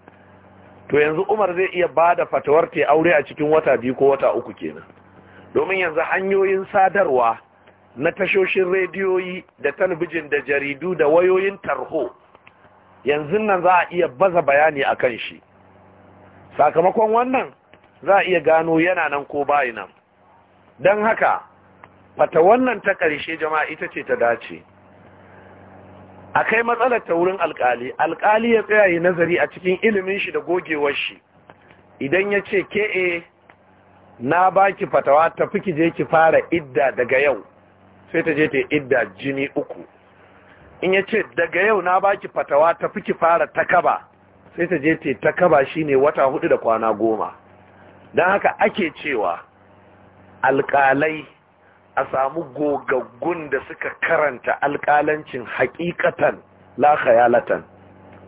S1: to yanzu umar zai iya ba da fatawar ta aure a cikin wata biyu ko wata uku kenan domin yanzu hanyoyin sadarwa na tashoshin rediyoyi da talabijin da jaridu da wayoyin tarho yanzu nan za a iya baza bayani a kan shi sakamakon wannan za a iya gano yana nan ko bayi nan don haka bata wannan ta ƙarshe jama'a ita ce ta dace a kai matsalar ta wurin alƙali alƙali ya tsaya yi nazari a cikin ilimin shi da gogewar shi idan ya ce ke e na baki fatawa tafi ki je ki fara idda daga yau sai ta je ta idda jini uku in ya ce daga yau na baki fatawa tafi ki fara takaba sai ta je te takaba shine wata hudu da kwana goma don haka ake cewa alƙalai a samu gogaggun da suka karanta alƙalancin hakikatan la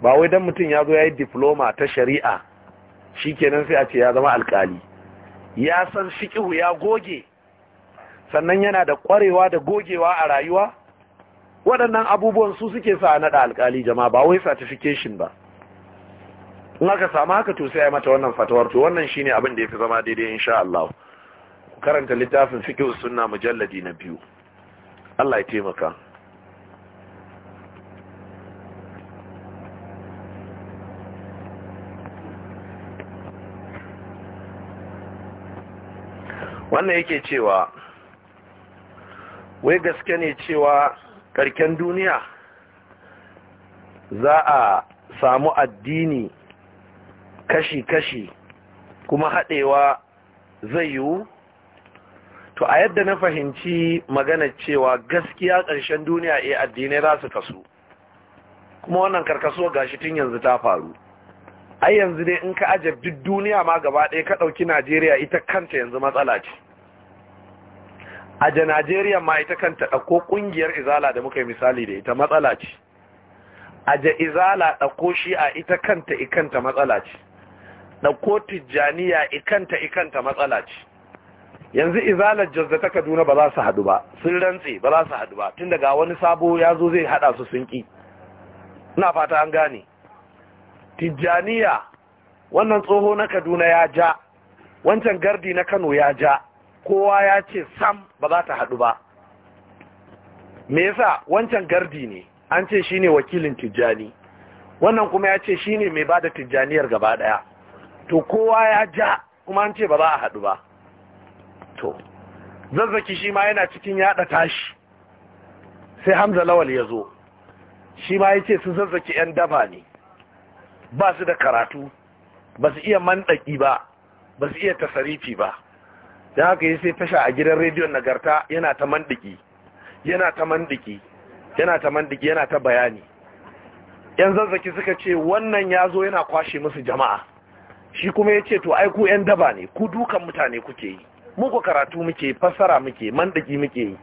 S1: ba wai don mutum ya zo ya yi diploma ta shari'a shi kenan sai a ce ya zama alkali ya san fiqhu ya goge sannan yana da ƙwarewa da gogewa a rayuwa waɗannan abubuwan su suke sa a naɗa alƙali jama'a ba wai certification ba in aka samu haka to sai a mata wannan fatawar to wannan shine abin da ya fi zama daidai insha Allah karanta littafin fiqh sunna mujalladi na biyu Allah ya taimaka wannan yake cewa wai gaske ne cewa karken duniya za a samu addini kashi-kashi kuma haɗewa zai yiwu to a yadda na fahimci magana cewa gaskiya ƙarshen duniya e addinai za su kasu kuma wannan karkaso gashi tun yanzu ta faru ai yanzu dai in ka ajiye duk duniya ma gaba ɗaya ka ɗauki najeriya ita kanta yanzu matsala ce a da Najeriya ma ita kanta ɗauko ƙungiyar izala da muka yi misali da ita matsala ce a da izala ɗauko shi a ita kanta ikanta matsala ce ɗauko tijjaniya ikanta ikanta matsala ce yanzu izalar jazza ta kaduna ba za su haɗu ba sun rantse ba za su haɗu ba tun daga wani sabo ya zo zai haɗa su sun ƙi ina fata an gane tijjaniya wannan tsoho na kaduna ya ja wancan gardi na kano ya ja kowa ya ce sam ba za ta haɗu ba me yasa wancan gardi ne an ce shine wakilin tijjani wannan kuma ya ce shine mai bada tijjaniyar gaba ɗaya to kowa ya ja kuma an ce ba za a haɗu ba to zazzaki shi ma yana cikin yaɗa tashi sai hamza lawal ya zo shi ma ya ce su zazzaki 'yan daba ne ba su da karatu ba su iya mandaki ba ba su iya tasarifi ba da haka yi sai tasha a gidan rediyon nagarta yana ta mandiki yana ta mandiki yana ta mandiki yana ta bayani yan zazzaki suka ce wannan ya zo yana kwashe musu jama'a shi kuma ya ce to ai ku yan daba ne ku dukan mutane kuke yi muku karatu muke fassara muke mandiki muke yi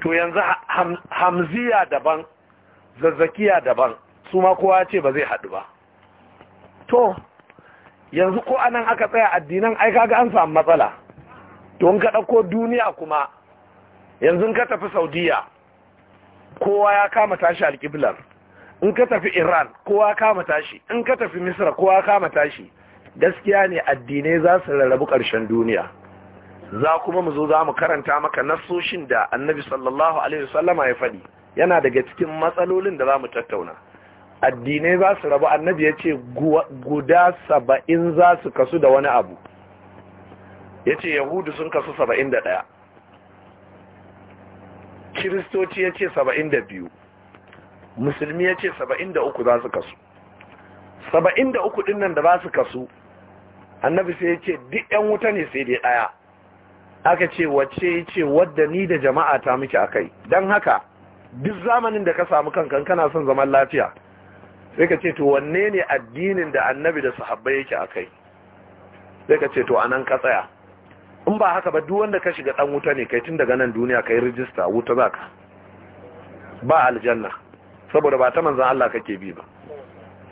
S1: to yanzu hamziya daban zazzakiya daban su ma kowa ce ba zai haɗu ba to yanzu ko anan aka tsaya addinan ai kaga an samu matsala to ka ɗauko duniya kuma yanzu ka tafi saudiya kowa ya kama tashi alƙiblar in ka tafi iran kowa kama tashi in ka tafi misra kowa kama tashi gaskiya ne addinai za su rarrabu ƙarshen duniya za kuma mu zo za mu karanta maka nassoshin da annabi sallallahu alaihi wasallama ya faɗi yana daga cikin matsalolin da za mu tattauna addinai za su rabu annabi ya ce guda saba'in za su kasu da wani abu ya ce yahudu sun kasu saba'in da ɗaya kiristoci ya ce saba'in da biyu musulmi ya ce saba'in da uku za su kasu saba'in da uku dinnan da za su kasu annabi sai ya ce duk 'yan wuta ne sai dai ɗaya aka ce wacce ya ce wadda ni da jama'a ta miki akai don haka duk zamanin da ka samu kankan kana son zaman lafiya sai ka ce to wanne ne addinin da annabi da sahabbai yake akai sai ka ce to anan ka tsaya in ba haka ba duk wanda ka shiga dan wuta ne kai tun daga nan duniya kai rijista wuta zaka ba aljanna saboda ba ta manzon Allah kake bi ba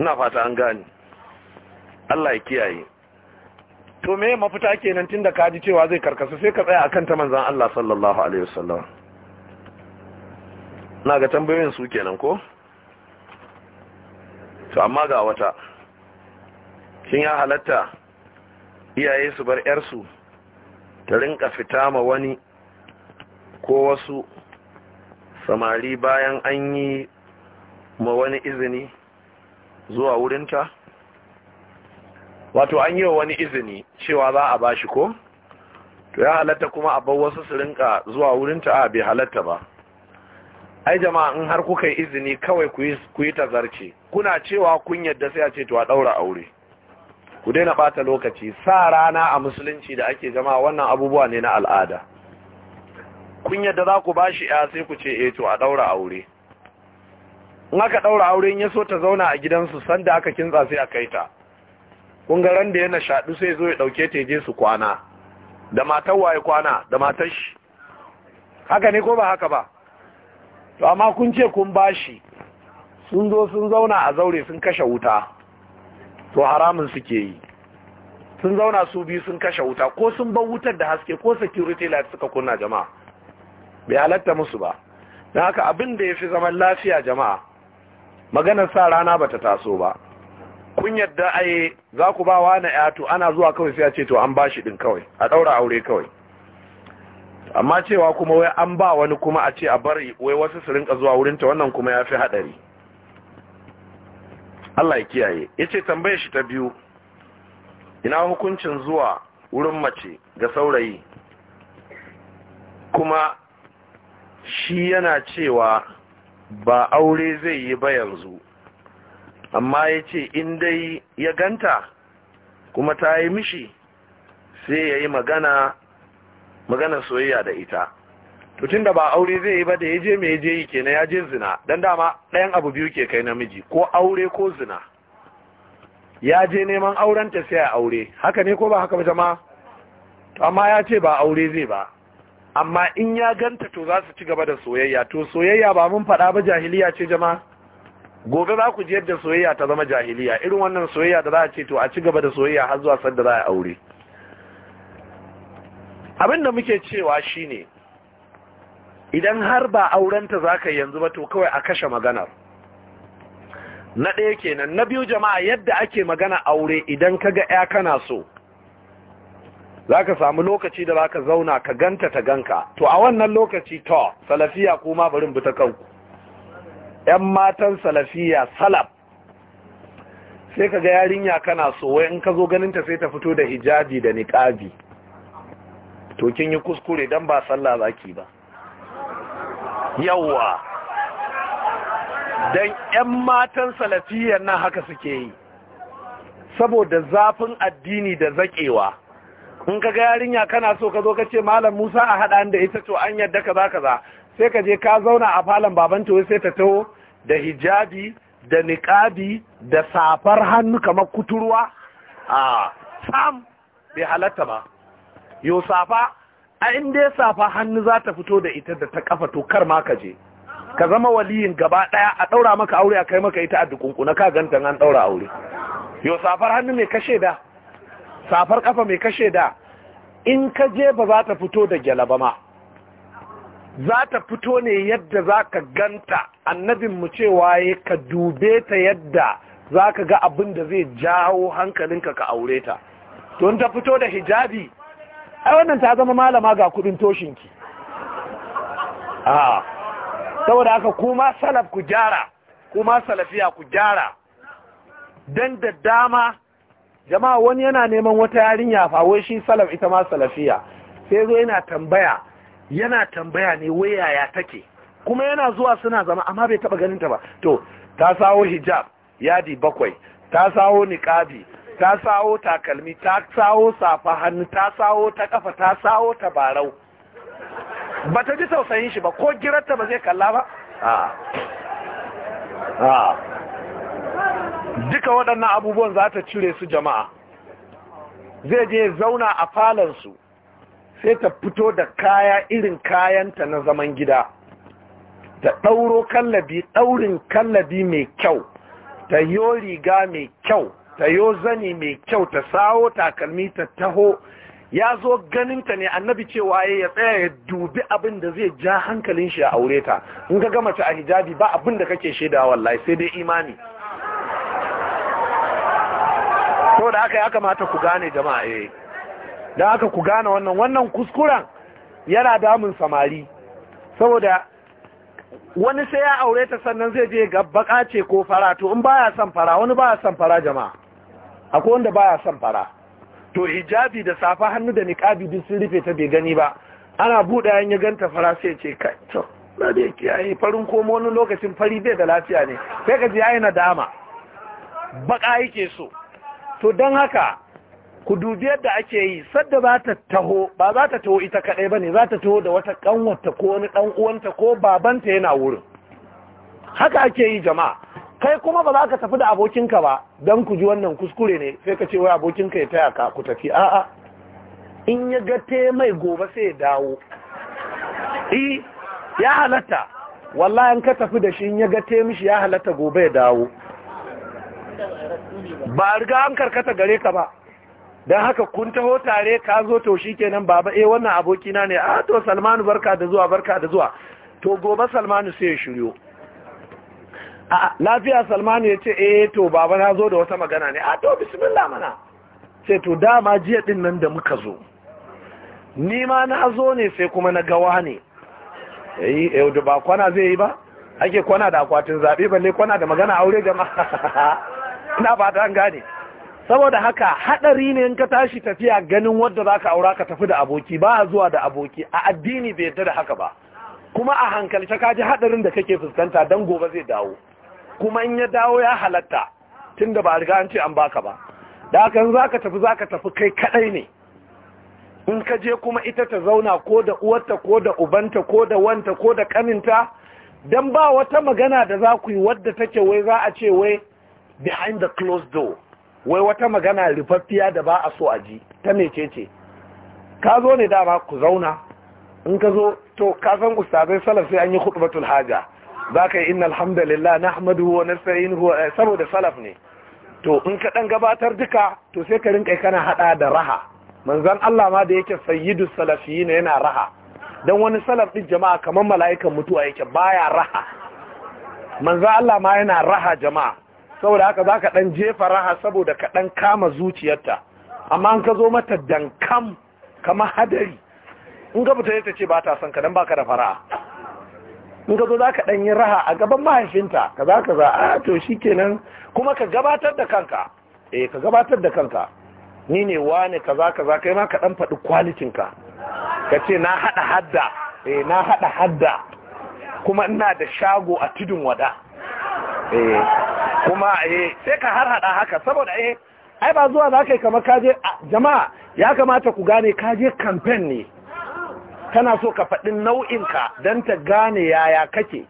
S1: ina fata an gane Allah ya kiyaye to me mafita kenan tunda ka ji cewa zai karkasu sai ka tsaya akan ta manzon Allah sallallahu alaihi wasallam na ga tambayoyin su kenan ko to amma ga wata shin ya halatta iyaye su bar 'yarsu ta rinka fita ma wani ko wasu samari bayan an yi ma wani izini zuwa wurinta wato an yi wa wani izini cewa za a bashi ko to ya halatta kuma a bar wasu su rinka zuwa wurinta a bai halatta ba ai jama'a in har kuka yi izini kawai ku yi tazarce kuna cewa kun yadda sai a ce to a daura aure ku daina bata lokaci sa rana a musulunci da ake a wannan abubuwa ne na al'ada kun yadda za ku bashi ya sai ku ce eh to a daura aure in aka daura aure in ya so ta zauna a gidansu sanda aka kintsa sai a kai ta kun ga ran da yana shaɗu sai zo ya ɗauke ta je su kwana da matar waye kwana da matar shi haka ne ko ba haka ba to amma kun ce kun bashi sun zo sun zauna a zaure sun kashe wuta to haramun suke yi sun zauna su biyu sun kashe wuta ko sun bar wutar da haske ko security light suka kunna jama'a bai halatta musu ba don haka abin da ya fi zaman lafiya jama'a maganar sa rana ba ta taso ba kun yadda yi za ku ba wa na yato ana zuwa kawai sai a ce to an ba shi ɗin kawai a ɗaura aure kawai amma cewa kuma wai an ba wani kuma a ce a bari wai wasu su rinka zuwa wurinta wannan kuma ya fi haɗari Allah ya kiyaye yace tambayar shi ta biyu ina hukuncin zuwa wurin mace ga saurayi kuma shi yana cewa ba aure zai yi ba yanzu amma yace in dai ya ganta kuma ta yi mishi sai ya yi magana magana soyayya da ita to tunda ba aure zai yi ba da ya je mai je yi kenan ya je zina dan dama ɗayan abu biyu ke kai namiji ko aure ko zina ya je neman auren ta sai aure haka ne ko ba haka ba jama'a to amma ya ce ba aure zai ba amma in ya ganta to za su ci gaba da soyayya to soyayya ba mun faɗa ba jahiliya ce jama'a gobe za ku ji yadda soyayya ta zama jahiliya irin wannan soyayya da za a ce to a ci gaba da soyayya har zuwa sanda za a aure abin da muke cewa shine idan har ba aurenta za ka yanzu ba to kawai a kashe maganar na ɗaya kenan na biyu jama'a yadda ake magana aure idan ka ga ya kana so za ka samu lokaci da za ka zauna ka ganta ta ganka to a wannan lokaci to salafiya kuma barin bi ta kanku ‘yan matan salafiya salaf sai ka ga yarinya kana so wai in ka zo ganinta sai ta fito da hijabi da niƙabi to kin yi kuskure don ba sallah zaki ba yawwa don 'yan matan salafiyar nan haka suke yi saboda zafin addini da zaƙewa in ka ga yarinya kana so ka zo ka ce malam musa a haɗa da ita to an yadda kaza kaza sai ka je ka zauna a falon baban to sai ta taho da hijabi da niƙabi da safar hannu kamar kuturwa a ah, sam bai halatta ba yo safa a inda ya safa hannu za ta fito da ita da ta kafa to kar ma ka je ka zama waliyin gaba daya a daura maka aure a kai maka ita a dukunkuna ka ganta an daura aure yo safar hannu mai kashe da safar kafa mai kashe da in ka je ba za ta fito da gyalaba ma za ta fito ne yadda za ka ganta annabin mu cewa ya ka dube ta yadda za ka ga abin da zai jawo hankalinka ka aure ta don ta fito da hijabi ai wannan ta zama malama ga kudin toshinki a ah. saboda haka kuma salaf ku gyara kuma salafiya ku gyara dan da dama jama'a wani yana neman wata yarinya fa shi salaf ita ma salafiya sai zo yana tambaya yana tambaya ne wai yaya take kuma yana zuwa suna zama amma bai taba ganin ta ba to ta sawo hijab yadi bakwai ta sawo niqabi ta sawo takalmi ta sawo safa hannu ta sawo ta kafa ta sawo tabarau ba ta ji tausayin shi ba ko girarta ba zai kalla ba duka waɗannan abubuwan za ta cire su jama'a zai je zauna a falonsu sai ta fito da kaya irin kayanta na zaman gida ta ɗauro kallabi ɗaurin kallabi mai kyau ta yo riga mai kyau ta yo zani mai kyau ta sawo takalmi ta taho ya zo ganinta ne annabi cewa ya ya tsaya ya dubi abin da zai ja hankalin shi a aure ta in ka gama ta a hijabi ba abin da kake shaida wallahi sai dai imani to da haka ya kamata ku gane jama'a eh da haka ku gane wannan wannan kuskuren yana damun samari saboda wani sai ya aure ta sannan zai je ga bakace ko fara to in baya son fara wani baya son fara jama'a akwai wanda baya son fara to hijabi da safa hannu da niqabi duk sun rufe ta bai gani ba ana buɗe yan ya ganta fara sai ce kai to na da kiyaye farin komo wani lokacin fari bai da lafiya ne sai ka ji yayi nadama baka yake so to dan haka ku dubi yadda ake yi sadda za ta taho ba za ta taho ita kaɗai ba ne za ta taho da wata kanwata ko wani ɗan uwanta ko babanta yana wurin haka ake yi jama'a kai kuma ba za ka tafi da abokinka ba don ku ji wannan kuskure ne sai ka ce wai abokinka ya taya ka ku tafi a'a in ya ga te mai gobe sai ya dawo i e, ya halatta wallahi in ka tafi da shi in ya ga te mishi ya halatta gobe ya dawo ba a riga an karkata gare ka ba don haka kun taho tare ka zo to shi kenan baba e wannan abokina ne a to salmanu barka da zuwa barka da zuwa to gobe salmanu sai ya shiryo lafiya salmanu ya ce eh to baba na zo da wata magana ne a ah, to bismillah mana sai to dama jiya din nan da muka zo ni ma na zo ne sai kuma na gawa ne yau eh, da eh, ba kwana zai yi ba ake kwana da akwatin zaɓe balle kwana da magana aure gama ina ba ta gane saboda haka haɗari ne in ka tashi tafiya ganin wadda za ka aura ka tafi da aboki ba a zuwa da aboki a addini bai yadda da haka ba kuma a hankali ka ji haɗarin da kake fuskanta don gobe zai dawo kuma in ya dawo ya halatta tunda ba a riga an ce an baka ba da haka za zaka tafi zaka tafi kai kadai ne in ka je kuma ita ta zauna ko da uwarta ko da ubanta ko da wanta ko da kaninta don ba wata magana da za ku yi wadda take wai za a ce wai behind the closed door wai wata magana rufaffiya da ba a so a ji ta ce ka zo ne dama ku zauna in ka zo to ka san ustazai salaf sai an yi batun haja za ka yi innal alhamdulillah na na wa nasa'inuhu eh, saboda salaf ne to in ka ɗan gabatar duka to sai ka rinka kana haɗa da raha manzan Allah ma da yake sayidu salafi ne yana raha don wani salaf ɗin jama'a kamar mala'ikan mutuwa yake baya raha manzan Allah ma yana raha jama'a saboda haka za ka ɗan jefa raha saboda ka ɗan kama zuciyarta amma an ka zo mata dankam kamar hadari in ga fita ta ce ba ta son ka dan baka da fara'a in ka zo za ka ɗanyi raha a gaban mahaifinta ka za ka za a to shi kenan kuma ka gabatar da kanka eh ka gabatar da kanka ni ne wane ka za ka za kai ma ka ɗan faɗi kwalitinka ka ce na haɗa hadda eh na haɗa hadda kuma ina da shago a tudun wada eh kuma eh sai ka har haɗa haka saboda eh ai ba zuwa za ka yi kamar kaje jama'a ya kamata ku gane kaje kamfen ne kana so ka faɗi nau'inka don ta gane yaya kake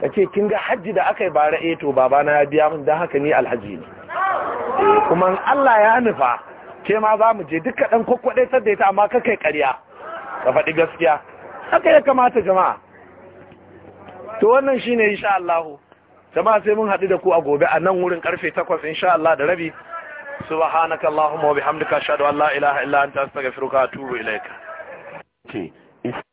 S1: ka ce kin ga hajji da aka yi bara eh to babana ya biya min don haka ni alhaji ne kuma Allah ya nufa ke ma za mu je duka ɗan kwakwaɗe sadda ita amma kakai ƙarya ka faɗi gaskiya aka ya kamata jama'a to wannan shine insha Allah jama'a sai mun haɗu da ku a gobe a nan wurin karfe 8 insha Allah da rabi subhanakallahumma wa bihamdika ashhadu an la ilaha illa anta astaghfiruka wa ilaika ce